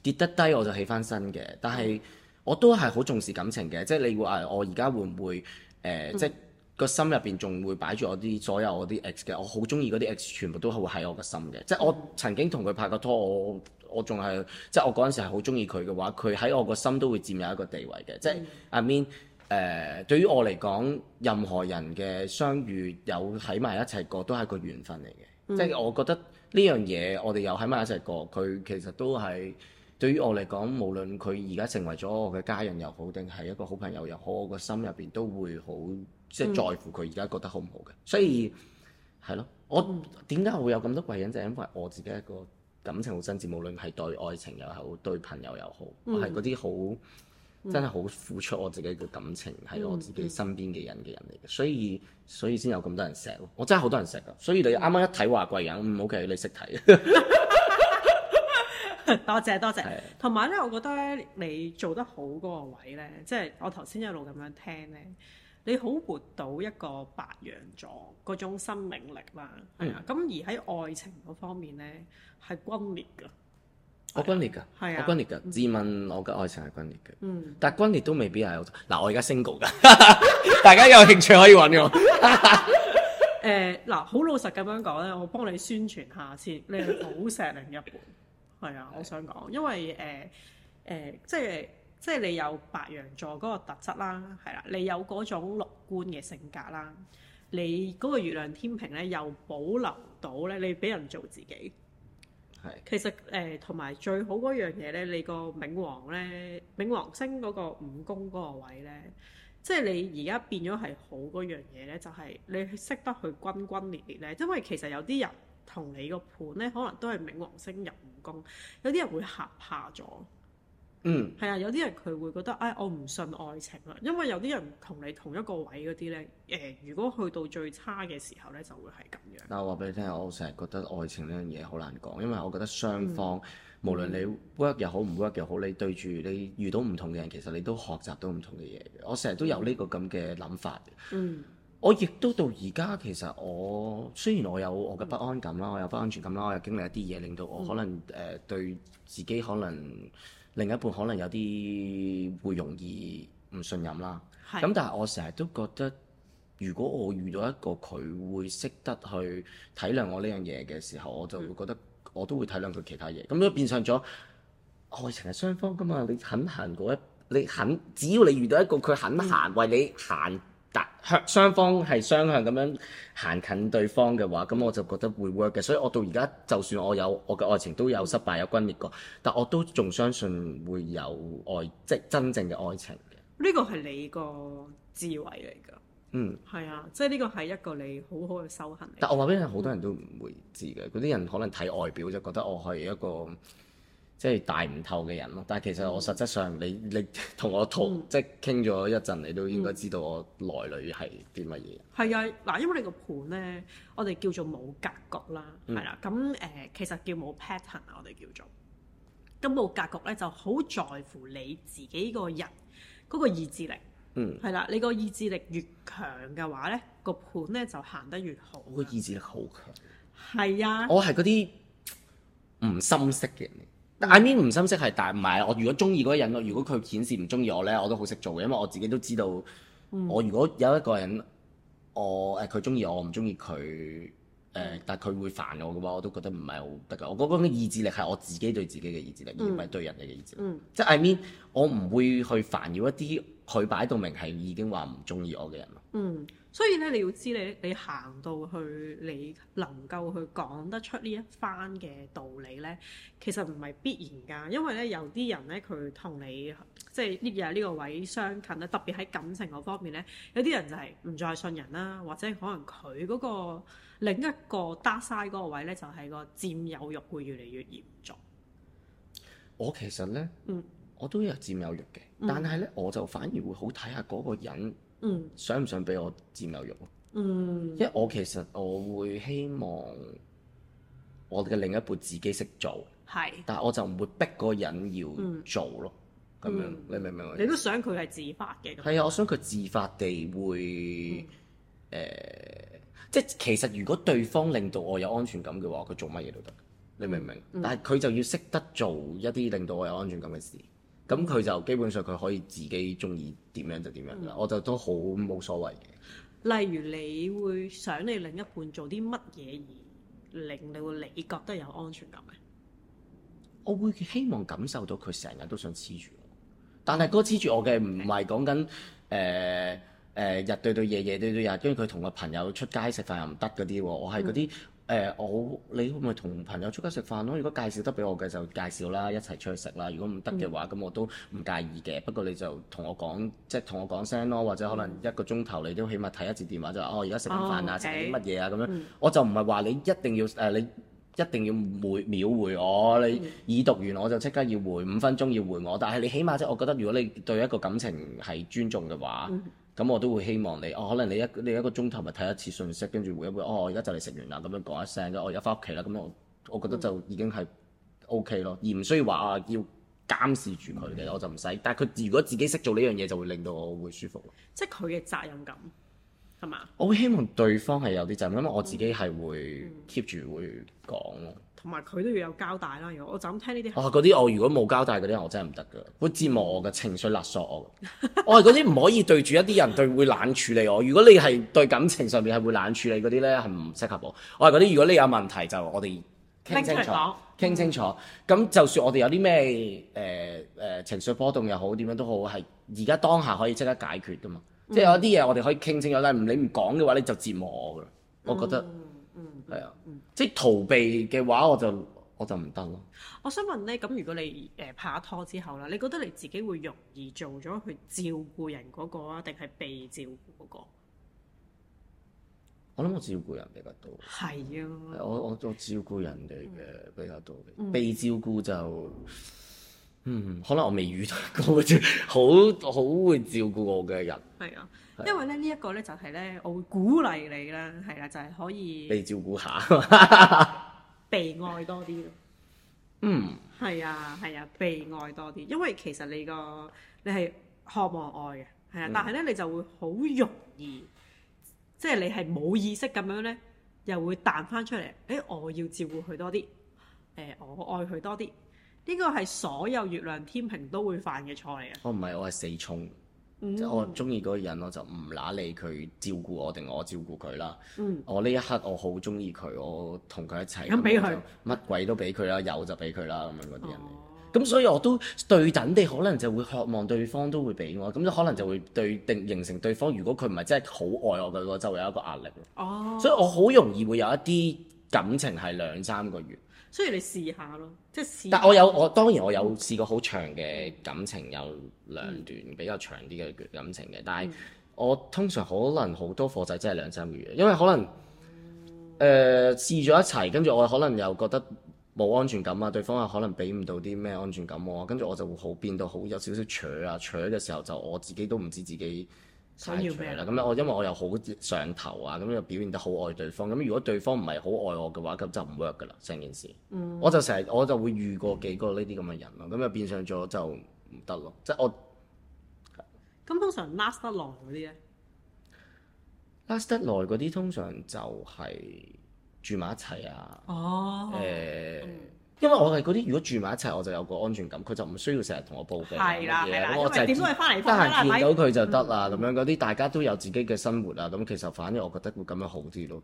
跌得低，我就起翻身嘅。但係我都係好重視感情嘅，即係你話我而家會唔會誒即？呃嗯個心入邊仲會擺住我啲所有我啲 x 嘅，我好中意嗰啲 x，全部都係會喺我個心嘅。即係我曾經同佢拍過拖，我我仲係即係我嗰陣時係好中意佢嘅話，佢喺我個心都會佔有一個地位嘅。嗯、即係阿 Min 誒，對於我嚟講，任何人嘅相遇有喺埋一齊過都係一個緣分嚟嘅。嗯、即係我覺得呢樣嘢我哋又喺埋一齊過，佢其實都係對於我嚟講，無論佢而家成為咗我嘅家人又好，定係一個好朋友又好，我個心入邊都會好。即係在乎佢而家覺得好唔好嘅，所以係咯。我點解會有咁多貴人？就係因為我自己一個感情好真摯，無論係對愛情又好，對朋友又好，嗯、我係嗰啲好真係好付出我自己嘅感情，喺、嗯、我自己身邊嘅人嘅人嚟嘅。所以所以先有咁多人錫我，真係好多人錫啊！所以你啱啱一睇話貴人，唔好嘅，okay, 你識睇 *laughs* *laughs* 多謝多謝。同埋咧，我覺得咧，你做得好嗰個位咧，即係我頭先一路咁樣聽咧。你好活到一個白羊座嗰種生命力啦，係、嗯、啊，咁而喺愛情嗰方面咧係轟烈噶，我轟烈噶，係啊，我轟烈噶。是啊、自問我嘅愛情係轟烈嘅，嗯，但轟烈都未必係有。嗱，我而家 single 噶， *laughs* 大家有興趣可以揾我。誒， *laughs* 嗱，好老實咁樣講咧，我幫你宣傳下先，你好錫另一半，係 *laughs* 啊，我想講，因為誒誒、呃呃呃呃，即係。呃即即係你有白羊座嗰個特質啦，係啦，你有嗰種樂觀嘅性格啦，你嗰個月亮天平咧又保留到咧，你俾人做自己。係。其實誒同埋最好嗰樣嘢咧，你個冥王咧，冥王星嗰個五宮嗰個位咧，即係你而家變咗係好嗰樣嘢咧，就係、是、你識得去轟轟烈烈咧，因為其實有啲人同你個盤咧，可能都係冥王星入五宮，有啲人會嚇怕咗。嗯，係啊，有啲人佢會覺得，哎，我唔信愛情啦，因為有啲人同你同一個位嗰啲呢。誒、呃，如果去到最差嘅時候呢，就會係咁樣。嗱，我話俾你聽啊，我成日覺得愛情呢樣嘢好難講，因為我覺得雙方，嗯、無論你 work 又好唔 work 又好，你對住你遇到唔同嘅人，其實你都學習到唔同嘅嘢。我成日都有呢個咁嘅諗法。嗯，我亦都到而家，其實我雖然我有我嘅不安感啦，嗯、我有不安全感啦，我有經歷一啲嘢，令到我可能誒、嗯呃、對自己可能，另一半可能有啲會容易唔信任啦，咁的但係我成日都覺得，如果我遇到一個佢會識得去體諒我呢樣嘢嘅時候，我就會覺得我都會體諒佢其他嘢。咁樣變相咗愛情係雙方噶嘛，你肯行嗰一，你肯只要你遇到一個佢肯行、嗯、為你行。但雙方係雙向咁樣行近對方嘅話，咁我就覺得會 work 嘅。所以我到而家，就算我有我嘅愛情都有失敗有轟烈過，但我都仲相信會有愛，即真正嘅愛情嘅。呢個係你個智慧嚟㗎。嗯，係啊，即係呢個係一個你好好嘅修行。但我話俾你，好多人都唔會知嘅。嗰啲、嗯、人可能睇外表就覺得我係一個。即係大唔透嘅人咯，但係其實我實質上你你同我同、嗯、即係傾咗一陣，你都應該知道我內裏係啲乜嘢。係啊、嗯，嗱、嗯，因為你個盤咧，我哋叫做冇格局啦，係啦，咁誒其實叫冇 pattern 啊，我哋叫做咁冇格局咧，就好在乎你自己個人嗰個意志力，嗯，係啦，你個意志力越強嘅話咧，個盤咧就行得越好。我個意志力好強，係啊，我係嗰啲唔深識嘅人嚟。但 I mean 唔深色係，但唔係我如果中意嗰個人咯，如果佢顯示唔中意我咧，我都好識做嘅，因為我自己都知道，嗯、我如果有一個人，我誒佢中意我，我唔中意佢誒，但佢會煩我嘅話，我都覺得唔係好得㗎。我嗰種意志力係我自己對自己嘅意志力，嗯、而唔係對人哋嘅意志力。嗯、即係 I mean，我唔會去煩擾一啲佢擺到明係已經話唔中意我嘅人咯。嗯所以咧，你要知你你行到去，你能夠去講得出呢一番嘅道理咧，其實唔係必然㗎。因為咧，有啲人咧，佢同你即係呢日呢個位相近咧，特別喺感情嗰方面咧，有啲人就係唔再信人啦，或者可能佢嗰、那個另一個 dark side 嗰個位咧，就係、是、個佔有欲會越嚟越嚴重。我其實咧，嗯，我都有佔有欲嘅，但係咧，嗯、我就反而會好睇下嗰個人。嗯，想唔想俾我佔有慾？嗯，因為我其實我會希望我嘅另一半自己識做，係是，但我就唔會逼嗰個人要做咯，咁、嗯、樣、嗯、你明唔明？你都想佢係自發嘅，係啊，樣我想佢自發地會誒、嗯欸，即係其實如果對方令到我有安全感嘅話，佢做乜嘢都得，你明唔明？嗯嗯、但係佢就要識得做一啲令到我有安全感嘅事。咁佢就基本上佢可以自己中意點樣就點樣啦，嗯、我就都好冇所謂嘅。例如你會想你另一半做啲乜嘢，而令你會你覺得有安全感咧？我會希望感受到佢成日都想黐住我，但係嗰黐住我嘅唔係講緊誒誒日對對夜夜對對日，因為佢同個朋友出街食飯又唔得嗰啲喎，我係嗰啲。嗯誒、呃、我你會唔會同朋友出街食飯咯？如果介紹得俾我嘅就介紹啦，一齊出去食啦。如果唔得嘅話，咁我都唔介意嘅。嗯、不過你就同我講，即係同我講聲咯，或者可能一個鐘頭你都起碼睇一次電話就哦，而家食完飯啊，食啲乜嘢啊咁樣。嗯、我就唔係話你一定要誒、呃，你一定要秒回我，你已讀完我就即刻要回，五分鐘要回我。但係你起碼即係我覺得，如果你對一個感情係尊重嘅話。嗯咁我都會希望你，哦，可能你一你一個鐘頭咪睇一次信息，跟住回一回，哦，我而家就嚟食完啦，咁樣講一聲，我而家翻屋企啦，咁樣我我覺得就已經係 O K 咯，而唔需要話啊要監視住佢嘅，我就唔使。但係佢如果自己識做呢樣嘢，就會令到我會舒服咯。即係佢嘅責任感係嘛？我會希望對方係有啲責任，因為我自己係會 keep 住會講咯。同埋佢都要有交代啦。如果我就咁聽呢啲。哦，嗰啲我如果冇交代，嗰啲我真係唔得噶，會折磨我嘅情緒，勒索我。 *laughs* 我係嗰啲唔可以對住一啲人對會冷處理我。如果你係對感情上面係會冷處理嗰啲咧，係唔適合我。嗯、我係嗰啲，如果你有問題，就我哋傾清楚，傾清楚。咁、嗯、就算我哋有啲咩誒誒情緒波動又好，點樣都好，係而家當下可以即刻解決噶嘛。嗯、即係有啲嘢我哋可以傾清楚，但係你唔講嘅話，你就折磨我噶啦。我覺得、嗯。係啊，即係逃避嘅話我，我就我就唔得咯。我想問咧，咁如果你誒、呃、拍拖之後啦，你覺得你自己會容易做咗去照顧人嗰、那個啊，定係被照顧嗰、那個？我諗我照顧人比較多，係啊，啊，我我做照顧人嘅比較多，嗯、被照顧就。嗯，可能我未遇到一個好好會照顧我嘅人。係啊，因為咧呢一個咧就係咧，我會鼓勵你啦，係啦，就係可以被照顧下， *laughs* 被愛多啲。嗯，係啊，係啊，被愛多啲，因為其實你個你係渴望愛嘅，係啊，但係咧你就會好容易，即係你係冇意識咁樣咧，又會彈翻出嚟。誒，我要照顧佢多啲，誒，我愛佢多啲。呢個係所有月亮天平都會犯嘅錯嚟嘅、oh。我唔係，mm. 即我係四衝，我中意嗰個人，我就唔喇理佢照顧我定我照顧佢啦。Mm. 我呢一刻我好中意佢，我同佢一齊，咁俾佢乜鬼都俾佢啦，有就俾佢啦，咁樣嗰啲人。咁、oh. 所以我都對等地，可能就會渴望對方都會俾我，咁就可能就會對定形成對方。如果佢唔係真係好愛我嘅，我，我就會有一個壓力。哦，oh. 所以我好容易會有一啲感情係兩三個月。雖然你試下咯，即係試，但我有我，當然我有試過好長嘅感情，有兩段比較長啲嘅感情嘅，嗯、但係我通常可能好多貨仔真係兩三個月，因為可能誒、嗯呃、試咗一齊，跟住我可能又覺得冇安全感啊，對方又可能俾唔到啲咩安全感我，跟住我就會好變到好有少少鋤啊鋤嘅時候，就我自己都唔知自己。想要咩啦？咁樣我因為我又好上頭啊，咁又表現得好愛對方。咁如果對方唔係好愛我嘅話，咁就唔 work 噶啦，成件事。嗯、我就成日我就會遇過幾個呢啲咁嘅人咯，啊，咁就，嗯、變相咗就唔得咯，即係我。咁，嗯、通常 last 得耐嗰啲咧？last 得耐嗰啲通常就係住埋一齊啊。哦。誒、呃。嗯因為我係嗰啲，如果住埋一齊，我就有個安全感。佢就唔需要成日同我報備。係啦，係啦，因為點都係翻嚟得閒見到佢就得啦，咁樣嗰啲大家都有自己嘅生活啊。咁其實反而我覺得會咁樣好啲咯。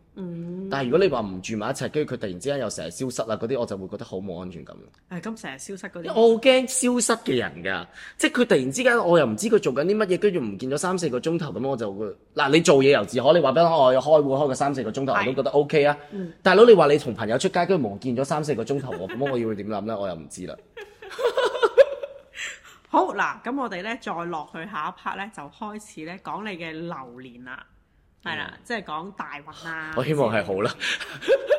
但係如果你話唔住埋一齊，跟住佢突然之間又成日消失啦，嗰啲我就會覺得好冇安全感。誒，咁成日消失嗰啲。我好驚消失嘅人㗎，即係佢突然之間，我又唔知佢做緊啲乜嘢，跟住唔見咗三四個鐘頭咁，我就會。嗱，你做嘢又自可，你話俾我聽，我開會開個三四個鐘頭我都覺得 OK 啊。大佬，你話你同朋友出街，跟住無見咗三四個鐘頭，我。 *laughs* 我要點諗咧，我又唔知啦。好嗱，咁我哋咧再落去下一 part 咧，就開始咧講你嘅流年啦，係啦，嗯、即係講大運啦、啊。我希望係好啦。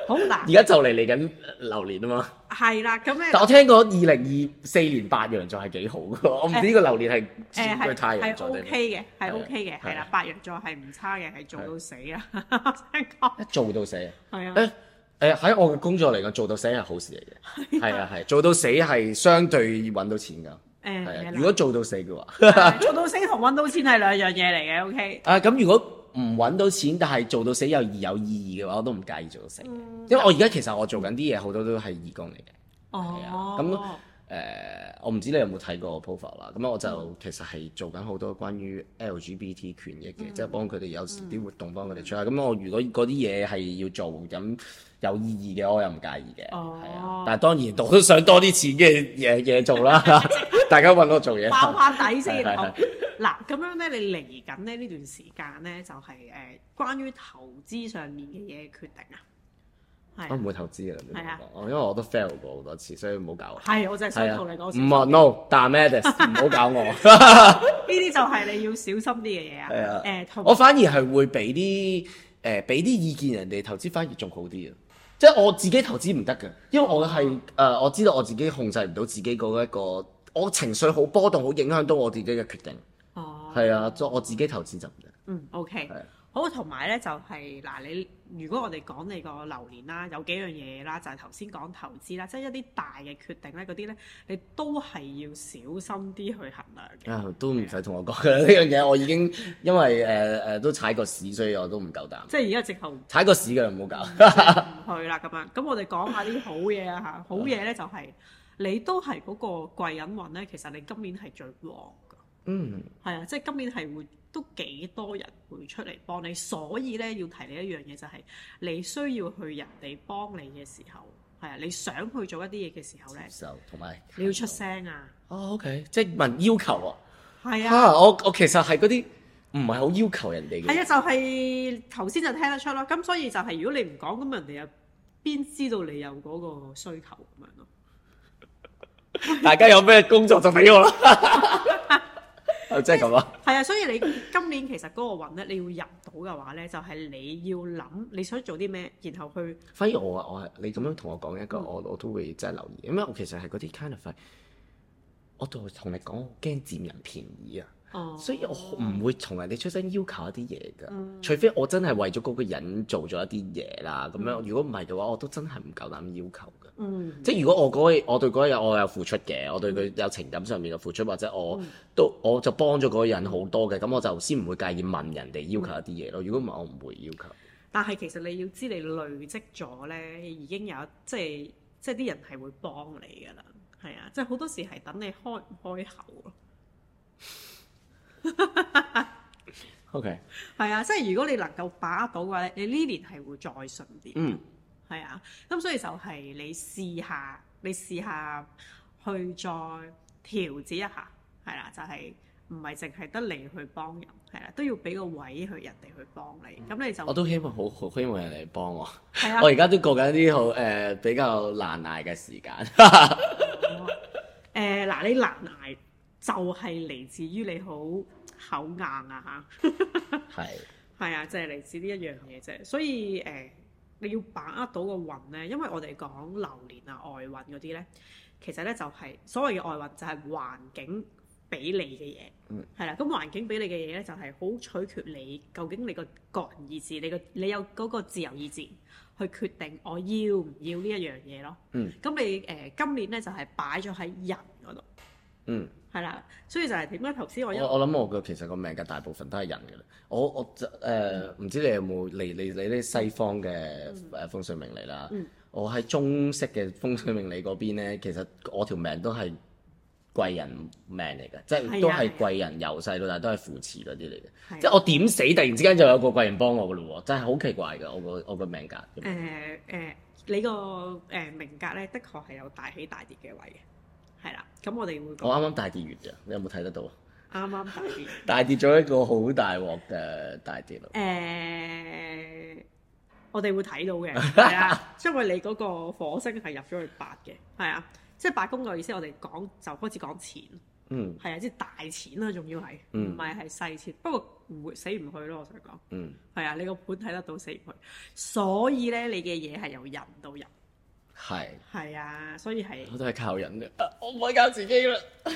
好嗱的，而家就嚟嚟緊流年啊嘛。係啦，咁。但係我聽過二零二四年白羊座係幾好嘅，我唔知呢個流年係針對太陽座定 O K 嘅，係 O K 嘅，係啦、OK，OK、的的白羊座係唔差嘅，係做到死啊！的 *laughs* 一做到死啊！係啊的。 *laughs* 欸誒喺、欸、我嘅工作嚟講，做到死係好事嚟嘅，係啊係，做到死係相對揾到錢㗎，誒、 *laughs* 欸，係啊的。如果做到死嘅話，做到死同揾到錢係兩樣嘢嚟嘅，OK。啊，咁如果唔揾到錢，但係做到死又有意義嘅話，我都唔介意做到死。嗯、因為我而家其實我做緊啲嘢好多都係義工嚟嘅，係咁誒，我唔知你有冇睇過 profile 啦。咁我就其實係做緊好多關於 LGBT 權益嘅，即係、嗯、幫佢哋有啲活動幫佢哋出啊。咁我如果嗰啲嘢係要做咁。有意義嘅，我又唔介意嘅，係啊。但係當然，我都想多啲錢嘅嘢嘢做啦。大家搵我做嘢，挖挖底先。嗱咁樣咧，你嚟緊咧呢段時間咧，就係誒關於投資上面嘅嘢決定啊。我唔會投資啊，係啊，因為我都 fail 過好多次，所以唔好搞。係，我就係想同你講，唔啊 no，但係咩嘅？唔好搞我。呢啲就係你要小心啲嘅嘢啊。誒，我反而係會俾啲誒俾啲意見，人哋投資反而仲好啲啊。即係我自己投資唔得嘅，因為我係誒、呃、我知道我自己控制唔到自己嗰一個，我情緒好波動，好影響到我自己嘅決定。哦、啊，係啊，做我自己投資就唔得。嗯，OK。係啊。好，同埋咧就係、是、嗱，你如果我哋講你個流年啦，有幾樣嘢啦，就係頭先講投資啦，即係一啲大嘅決定咧，嗰啲咧你都係要小心啲去衡量嘅。啊、的都唔使同我講嘅，呢樣嘢我已經因為誒誒、呃呃、都踩過屎，所以我都唔夠膽。即係而家直頭踩過屎嘅，唔好搞。唔去啦咁 *laughs* 樣。咁我哋講下啲好嘢啊嚇！好嘢咧就係、是、你都係嗰個貴人運咧，其實你今年係最旺嘅。嗯。係啊，即係今年係會。都幾多人會出嚟幫你，所以咧要提你一樣嘢就係你需要去人哋幫你嘅時候，係啊，你想去做一啲嘢嘅時候咧，時候同埋你要出聲啊！哦，OK，即係問要求喎，係啊，我我其實係嗰啲唔係好要求人哋嘅，係啊，就係頭先就聽得出咯。咁所以就係如果你唔講，咁人哋又邊知道你有嗰個需求咁樣咯？大家有咩工作就畀我啦。即係咁咯，係啊， *laughs* 所以你今年其實嗰個運咧，你要入到嘅話咧，就係、是、你要諗你想做啲咩，然後去。反而我啊，我係你咁樣同我講一個，我我都會真係留意，因為我其實係嗰啲 kind of，a，我都同你講，我驚佔人便宜啊。所以我唔會同人哋出身要求一啲嘢㗎，嗯、除非我真係為咗嗰個人做咗一啲嘢啦。咁、嗯、樣如果唔係嘅話，我都真係唔夠膽要求嘅。嗯、即係如果我嗰、那、日、個、我對一日我有付出嘅，我對佢有情感上面嘅付出，嗯、或者我都我就幫咗嗰個人好多嘅，咁、嗯、我就先唔會介意問人哋要求一啲嘢咯。如果唔係，我唔會要求。但係其實你要知你累積咗咧，已經有即係即係啲人係會幫你㗎啦。係啊，即係好多時係等你開唔開口咯。 *laughs* O K，係啊，即係如果你能夠把握到嘅話咧，你呢年係會再順啲。嗯，係啊，咁所以就係你試下，你試下去再調節一下，係啦、啊，就係唔係淨係得你去幫人，係啦、啊，都要俾個位去人哋去幫你。咁、嗯、你就我都希望好好希望人哋幫我。係啊，我而家都過緊啲好誒比較難捱嘅時間。誒、 *laughs* *laughs* 嗯，嗱、呃，你難捱就係嚟自於你好。口硬啊嚇，係係的啊，即係嚟自呢一樣嘢啫。所以誒、呃，你要把握到個運咧，因為我哋講流年啊、外運嗰啲咧，其實咧就係、是、所謂嘅外運就係環境俾你嘅嘢，嗯，係啦、啊。咁環境俾你嘅嘢咧，就係、是、好取決你究竟你個個人意志，你個你有嗰個自由意志去決定我要唔要呢一樣嘢咯，嗯。咁你誒、呃、今年咧就係擺咗喺人嗰度，嗯。係啦，所以就係點解頭先我有我我諗我嘅其實個命格大部分都係人嘅啦。我我誒唔、呃、知你有冇嚟你你哋西方嘅誒風水命理啦？嗯嗯、我喺中式嘅風水命理嗰邊咧，其實我條命都係貴人命嚟嘅，即係都係貴人，由細到大都係扶持嗰啲嚟嘅。的即係我點死，突然之間就有個貴人幫我噶啦，真係好奇怪嘅。我個我個命格，誒誒、呃呃，你個誒命格咧，的確係有大起大跌嘅位嘅。係啦，咁我哋會講。我啱啱大跌完啫，你有冇睇得到？啱啱大跌， *laughs* 大跌咗一個好大鑊嘅大跌咯。誒、欸，我哋會睇到嘅，係啊， *laughs* 因為你嗰個火星係入咗去八嘅，係啊，即係八宮嘅意思我。我哋講就開始講錢，嗯，係啊，即、就、係、是、大錢啦、啊，仲要係，唔係係細錢，不過不會死唔去咯。我想講，嗯，係啊，你個盤睇得到死唔去，所以咧，你嘅嘢係由人到人。係，係啊，所以係我都係靠人嘅、啊，我唔可以靠自己啦。 *laughs*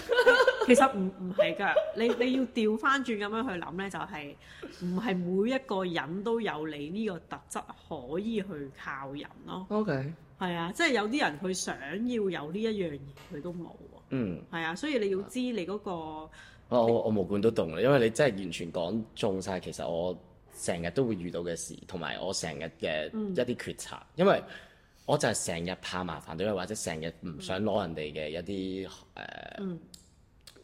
其實唔唔係㗎，你你要調翻轉咁樣去諗咧，就係唔係每一個人都有你呢個特質可以去靠人咯。OK，係啊，即係有啲人佢想要有呢一樣嘢，佢都冇喎。嗯，係啊，所以你要知你嗰、那個，啊、你我我無管都動啦，因為你真係完全講中晒。其實我成日都會遇到嘅事，同埋我成日嘅一啲決策，嗯、因為。我就係成日怕麻煩，或者成日唔想攞人哋嘅一啲誒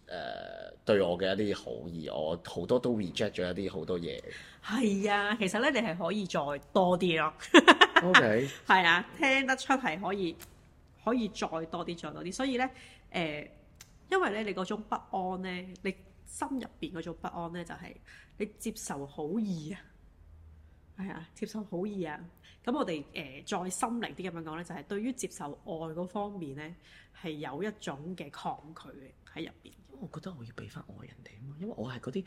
誒對我嘅一啲好意，我好多都 reject 咗一啲好多嘢。係啊，其實咧你係可以再多啲咯。 *laughs* OK，係啊，聽得出係可以可以再多啲，再多啲。所以咧誒、呃，因為咧你嗰種不安咧，你心入邊嗰種不安咧，就係、是、你接受好意啊，係啊，接受好意啊。咁我哋誒、呃、再心靈啲咁樣講咧，就係、是、對於接受愛嗰方面咧，係有一種嘅抗拒喺入邊。因為我覺得我要俾翻愛人哋啊嘛，因為我係嗰啲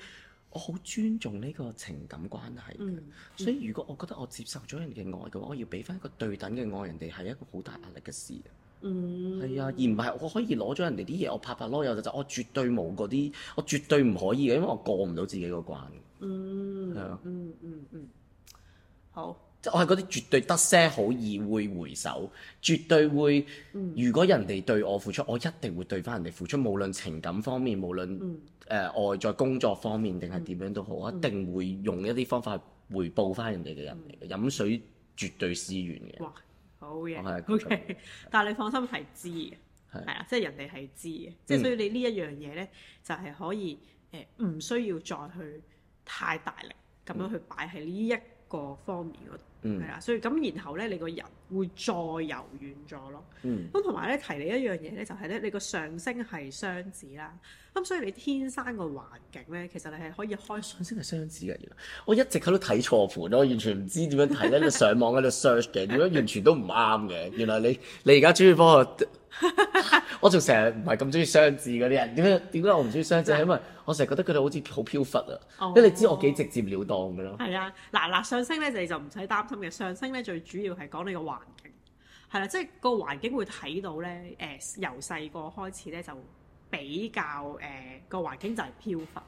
我好尊重呢個情感關係嘅，嗯嗯、所以如果我覺得我接受咗人嘅愛嘅話，我要俾翻一個對等嘅愛人哋，係一個好大壓力嘅事啊。嗯，係啊，而唔係我可以攞咗人哋啲嘢，我拍拍攞有就就，我絕對冇嗰啲，我絕對唔可以嘅，因為我過唔到自己個關，嗯，係啊，嗯嗯嗯，好。嗯。即係我係嗰啲絕對得些好意會回首，絕對會。如果人哋對我付出，我一定會對翻人哋付出，無論情感方面，無論誒外在工作方面定係點樣都好，我一定會用一啲方法去回報翻人哋嘅人嚟嘅。飲水絕對思源嘅。哇，好嘢，OK。但係你放心係知嘅，係啦，即係人哋係知嘅，即係所以你呢一樣嘢咧，就係可以誒唔需要再去太大力咁樣去擺喺呢一個方面嗰度。係啦，嗯、所以咁然後咧，你個人會再柔軟咗咯。嗯，咁同埋咧，提你一樣嘢咧，就係咧，你個上升係雙子啦。咁所以你天生個環境咧，其實你係可以開上升係雙子嘅。原來我一直喺度睇錯盤咯，我完全唔知點樣睇咧。你上網喺度 search 嘅，如果完全都唔啱嘅？原來你你而家中意幫我，我仲成日唔係咁中意雙子嗰啲人。點解點解我唔中意雙子？嗯、係因為我成日覺得佢哋好似好飄忽啊。因為、哦、你知我幾直接了當嘅咯。係啊、嗯，嗱、嗯、嗱、嗯、上升咧就你就唔使擔嘅上升咧，最主要係講你個環境，係啦，即係個環境會睇到咧，誒由細個開始咧就比較誒個、呃、環境就係漂浮，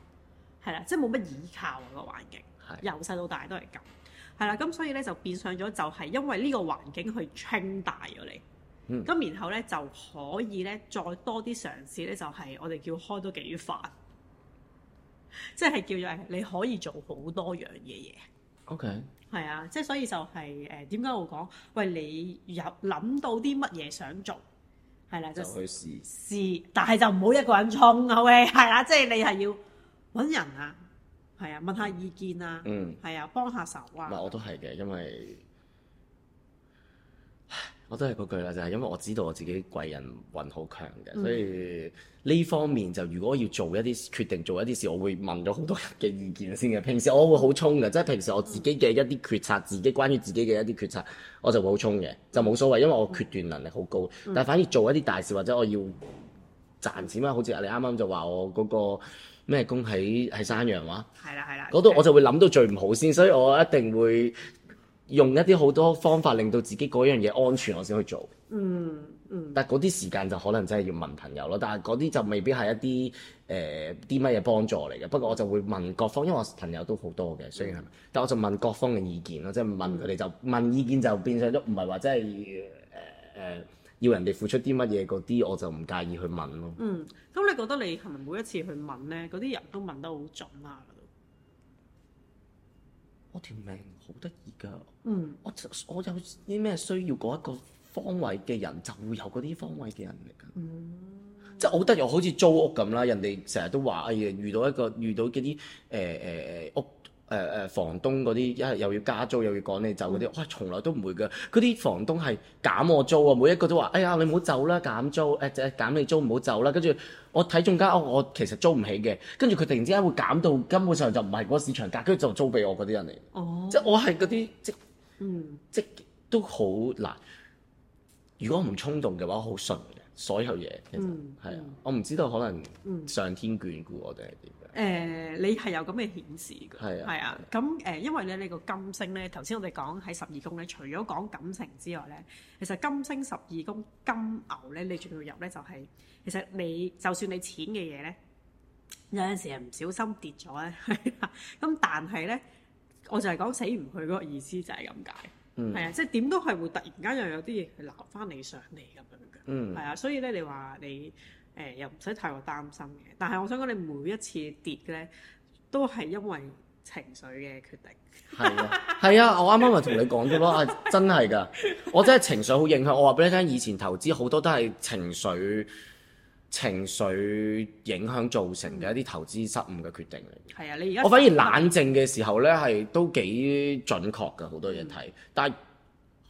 係啦，即係冇乜倚靠個、啊、環境，係由細到大都係咁，係啦，咁所以咧就變相咗就係因為呢個環境去清大咗你，咁、嗯、然後咧就可以咧再多啲嘗試咧，就係我哋叫開多幾瓣，即係叫做你可以做好多樣嘢嘢，OK。係啊，即係所以就係誒點解會講？喂，你有諗到啲乜嘢想做？係啦、啊，就去試試，試但係就唔好一個人衝、啊，好唔好？係啦、啊，即係你係要搵人啊，係啊，問下意見啊，嗯，係啊，幫下手啊。嗱，我都係嘅，因為。我都係嗰句啦，就係因為我知道我自己貴人運好強嘅，所以呢方面就如果要做一啲決定，做一啲事，我會問咗好多人嘅意見先嘅。平時我會好衝嘅，即係平時我自己嘅一啲決策，自己關於自己嘅一啲決策，我就會好衝嘅，就冇所謂，因為我決斷能力好高。但係反而做一啲大事或者我要賺錢啊，好似你啱啱就話我嗰個咩宮喺喺山羊話，係啦係啦，嗰度我就會諗到最唔好先，所以我一定會。用一啲好多方法令到自己嗰樣嘢安全，我先去做。嗯嗯。嗯，但嗰啲時間就可能真係要問朋友咯，但係嗰啲就未必係一啲誒啲乜嘢幫助嚟嘅。不過我就會問各方，因為我朋友都好多嘅，雖然係。嗯、但我就問各方嘅意見咯，即、就、係、是、問佢哋就、嗯、問意見就變相都唔係話真係誒誒要人哋付出啲乜嘢嗰啲，我就唔介意去問咯。嗯，咁你覺得你係咪每一次去問咧，嗰啲人都問得好準啊？我條命好得意㗎，我我有啲咩需要嗰一個方位嘅人就會有嗰啲方位嘅人嚟㗎，即係、嗯、好得又好似租屋咁啦，人哋成日都話，誒、哎、遇到一個遇到嗰啲誒誒誒屋。誒誒、呃，房東嗰啲一係又要加租又要趕你走嗰啲，哇，從來都唔會嘅。嗰啲房東係減我租啊，每一個都話：哎呀，你唔好走啦，減租誒，即、呃、係減你租唔好走啦。跟住我睇中間屋，我其實租唔起嘅。跟住佢突然之間會減到根本上就唔係嗰個市場價，跟住就租俾我嗰啲人嚟。哦，即係我係嗰啲即嗯，即、即都好難。如果唔衝動嘅話，好順嘅所有嘢。嗯，係啊、嗯，我唔知道可能上天眷顧我哋。係點。誒、呃，你係有咁嘅顯示㗎，係啊，咁誒、啊嗯，因為咧，你個金星咧，頭先我哋講喺十二宮咧，除咗講感情之外咧，其實金星十二宮金牛咧，你仲要入咧就係、是，其實你就算你錢嘅嘢咧，有陣時係唔小心跌咗咧，係啊，咁但係咧，我就係講死唔去嗰個意思就係咁解，嗯，係啊，即係點都係會突然間又有啲嘢攬翻你上嚟咁樣嘅。嗯，係啊，所以咧，你話你。誒又唔使太過擔心嘅，但係我想講，你每一次跌咧，都係因為情緒嘅決定。係啊，係啊，我啱啱咪同你講咗咯，真係噶，我真係情緒好影響。我話俾你聽，以前投資好多都係情緒情緒影響造成嘅一啲投資失誤嘅決定嚟。係啊，你而家我反而冷靜嘅時候咧，係都幾準確㗎，好多嘢睇。嗯、但係。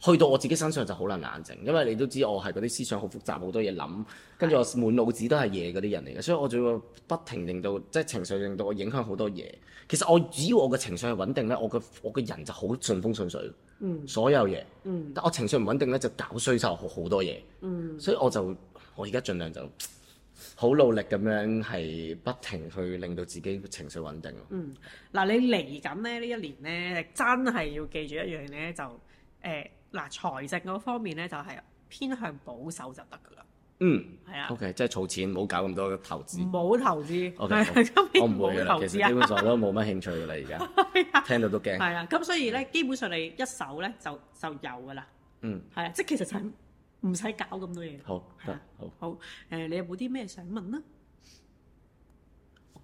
去到我自己身上就好難冷靜，因為你都知我係嗰啲思想好複雜，好多嘢諗，跟住我滿腦子都係嘢嗰啲人嚟嘅，的所以我就會不停令到即係情緒令到我影響好多嘢。其實我只要我嘅情緒係穩定呢，我嘅我嘅人就好順風順水。嗯、所有嘢。嗯、但我情緒唔穩定呢，就搞衰晒我好多嘢。嗯、所以我就我而家盡量就好努力咁樣係不停去令到自己情緒穩定。嗯，嗱你嚟緊呢呢一年呢，真係要記住一樣呢，就誒。呃嗱，財政嗰方面咧就係偏向保守就得噶啦。嗯，係啊。O K，即係儲錢，唔好搞咁多投資。唔好投資。O K，我唔會投資啦，基本上都冇乜興趣嘅啦，而家聽到都驚。係啊，咁所以咧，基本上你一手咧就就有噶啦。嗯，係啊，即係其實就係唔使搞咁多嘢。好得，好。好，誒，你有冇啲咩想問啊？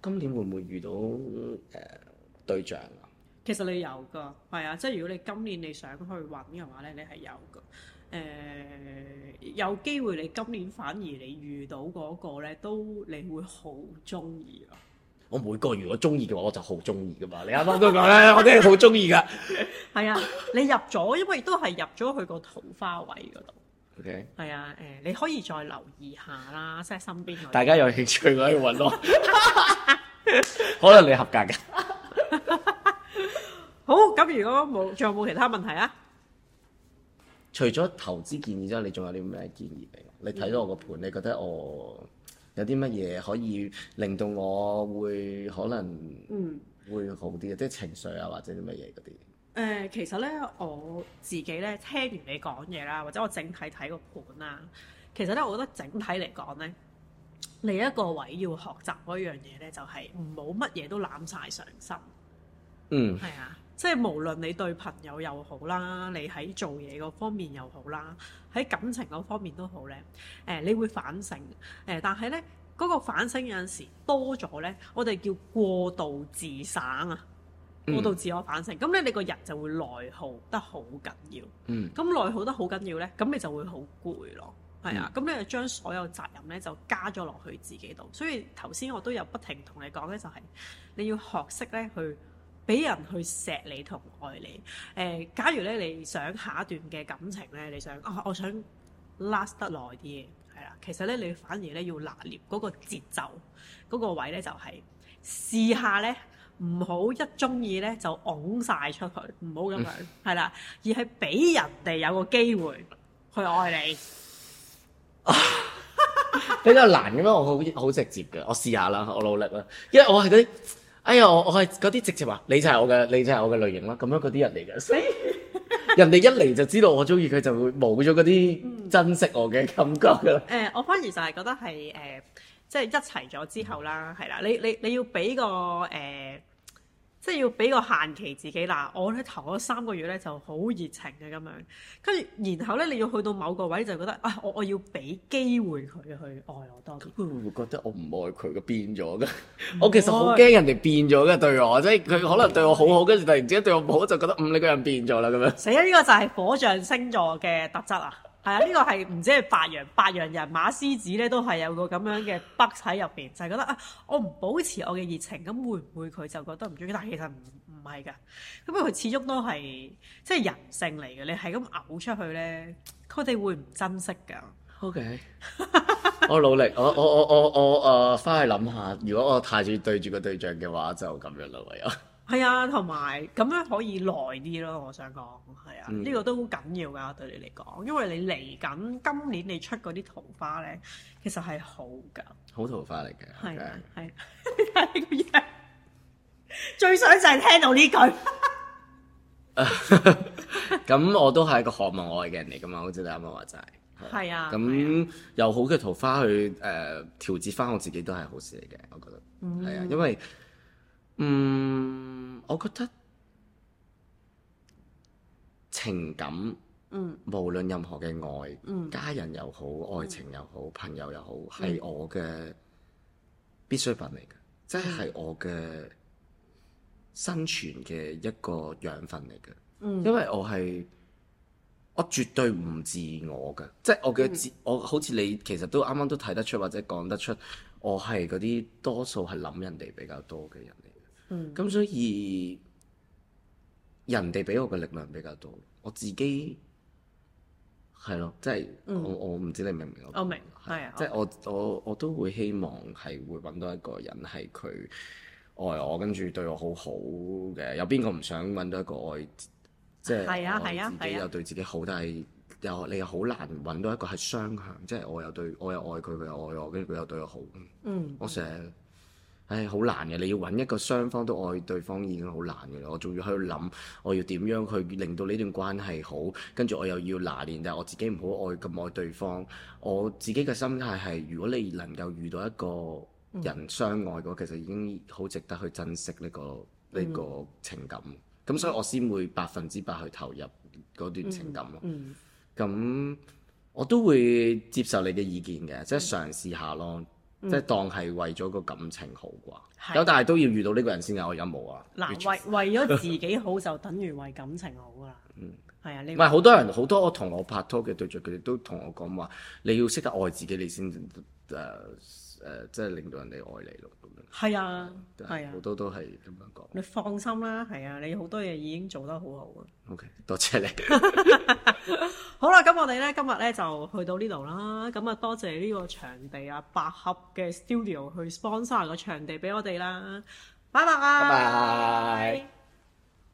今年會唔會遇到誒對象？其實你有噶，係啊，即係如果你今年你想去揾嘅話咧，你係有噶。誒、呃，有機會你今年反而你遇到嗰個咧，都你會好中意咯。我每個如果中意嘅話，我就好中意噶嘛。你啱啱都講咧， *laughs* 我真係好中意噶。係啊，你入咗，因為都係入咗去個桃花位嗰度。OK。係啊，誒、呃，你可以再留意下啦，即係身邊。大家有興趣可以揾咯，可能你合格噶。好，咁如果冇，仲有冇其他問題啊？除咗投資建議之外，你仲有啲咩建議俾我？你睇到我個盤，嗯、你覺得我有啲乜嘢可以令到我會可能嗯會好啲嘅，嗯、即係情緒啊，或者啲乜嘢嗰啲？誒、呃，其實咧我自己咧聽完你講嘢啦，或者我整體睇個盤啦、啊，其實咧我覺得整體嚟講咧，你一個位要學習嗰樣嘢咧，就係唔好乜嘢都攬晒上身。嗯，係啊。即係無論你對朋友又好啦，你喺做嘢嗰方面又好啦，喺感情嗰方面都好咧。誒、欸，你會反省，誒、欸，但係咧嗰個反省有陣時多咗咧，我哋叫過度自省啊，嗯、過度自我反省。咁咧，你個人就會內耗得好緊要。嗯。咁內耗得好緊要咧，咁你就會好攰咯，係啊。咁、嗯、你就將所有責任咧就加咗落去自己度，所以頭先我都有不停同你講咧、就是，就係你要學識咧去。俾人去錫你同愛你，誒、呃，假如咧你想下一段嘅感情咧，你想，哦，我想 last 得耐啲，係啦，其實咧你反而咧要拿捏嗰個節奏，嗰、嗰個位咧就係、係、試下咧，唔好一鍾意咧就拱晒出去，唔好咁樣，係啦， *laughs* 而係俾人哋有個機會去愛你。 *laughs* *laughs* 比較難嘅咩？我好好直接嘅，我試下啦，我努力啦，因為我係嗰啲。哎呀，我我係嗰啲直接話，你就係我嘅，你就係我嘅類型啦，咁樣嗰啲人嚟嘅，所以人哋一嚟就知道我中意佢，就會冇咗嗰啲珍惜我嘅感覺噶啦。誒，我反而就係覺得係誒，即係一齊咗之後啦，係、嗯、啦，你你你要俾個誒。嗯嗯嗯即係要俾個限期自己嗱，我咧頭嗰三個月咧就好熱情嘅咁樣，跟住然後咧你要去到某個位就覺得啊、哎，我我要俾機會佢去愛我多啲，佢會唔會覺得我唔愛佢嘅變咗嘅？愛 *laughs* 我其實好驚人哋變咗嘅對我，即係佢可能對我好好，跟住突然之間對我唔好，就覺得嗯你個人變咗啦咁樣。死啦！呢、呢個就係火象星座嘅特質啊！係啊，呢、這個係唔止係白羊，白羊人馬獅子咧都係有個咁樣嘅 bug 喺入邊，就係、是、覺得啊，我唔保持我嘅熱情，咁會唔會佢就覺得唔中意？但係其實唔唔係㗎，咁佢始終都係即係人性嚟嘅。你係咁嘔出去咧，佢哋會唔珍惜㗎？OK， *laughs* 我努力，我我我我我誒翻、呃、去諗下，如果我太專對住個對象嘅話，就咁樣啦，唯有。係啊，同埋咁樣可以耐啲咯，我想講係啊，呢個都好緊要噶對你嚟講，因為你嚟緊今年你出嗰啲桃花咧，其實係好噶，好桃花嚟嘅，係啊，係係咁樣，最想就係聽到呢句，咁我都係一個渴望愛嘅人嚟噶嘛，好似你啱啱話齋，係啊，咁有好嘅桃花去誒調節翻我自己都係好事嚟嘅，我覺得係啊，因為。嗯，我覺得情感，嗯，無論任何嘅愛，嗯，家人又好，嗯、愛情又好，朋友又好，係我嘅必需品嚟嘅，即係、嗯、我嘅生存嘅一個養分嚟嘅。嗯，因為我係我絕對唔自我嘅，嗯、即係我嘅自，我好似你其實都啱啱都睇得出，或者講得出，我係啲多數係諗人哋比較多嘅人。嗯，咁所以人哋俾我嘅力量比較多，我自己係咯，即係、就是嗯、我我唔知你明唔明、嗯就是、我？我明，係啊，即係我我我都會希望係會揾到一個人係佢愛我，跟住對我好好嘅。有邊個唔想揾到一個愛，即、就、係、是、自己又對自己好？嗯、但係又你又好難揾到一個係雙向，即、就、係、是、我又對我又愛佢，佢又愛我，跟住佢又對我好。嗯，我成日。唉，好、哎、難嘅，你要揾一個雙方都愛對方已經好難嘅喇，我仲要喺度諗，我要點樣去令到呢段關係好，跟住我又要拿捏，但係我自己唔好愛咁愛對方，我自己嘅心態係，如果你能夠遇到一個人相愛嘅、嗯、其實已經好值得去珍惜呢、這個呢、嗯、個情感，咁所以我先會百分之百去投入嗰段情感咯。咁、嗯嗯、我都會接受你嘅意見嘅，即、就、係、是、嘗試下咯。即係當係為咗個感情好啩，咁的但係都要遇到呢個人先有有冇啊？嗱辣 Richard，為為咗自己好 *laughs* 就等於為感情好啦。係啊，你唔係好多人好多我同我拍拖嘅對象，佢哋都同我講話，你要識得愛自己，你先誒。Uh, 誒、呃，即係令到人哋愛你咯，咁樣。係啊，係是啊，好多都係咁樣講。你放心啦，係啊，你好多嘢已經做得好好啊。OK，多謝你。 *laughs* *laughs* *laughs* 好啦，咁我哋咧今日咧就去到呢度啦。咁啊，多謝呢個場地啊，百合嘅 studio 去 sponsor 個場地俾我哋啦。拜拜！拜拜。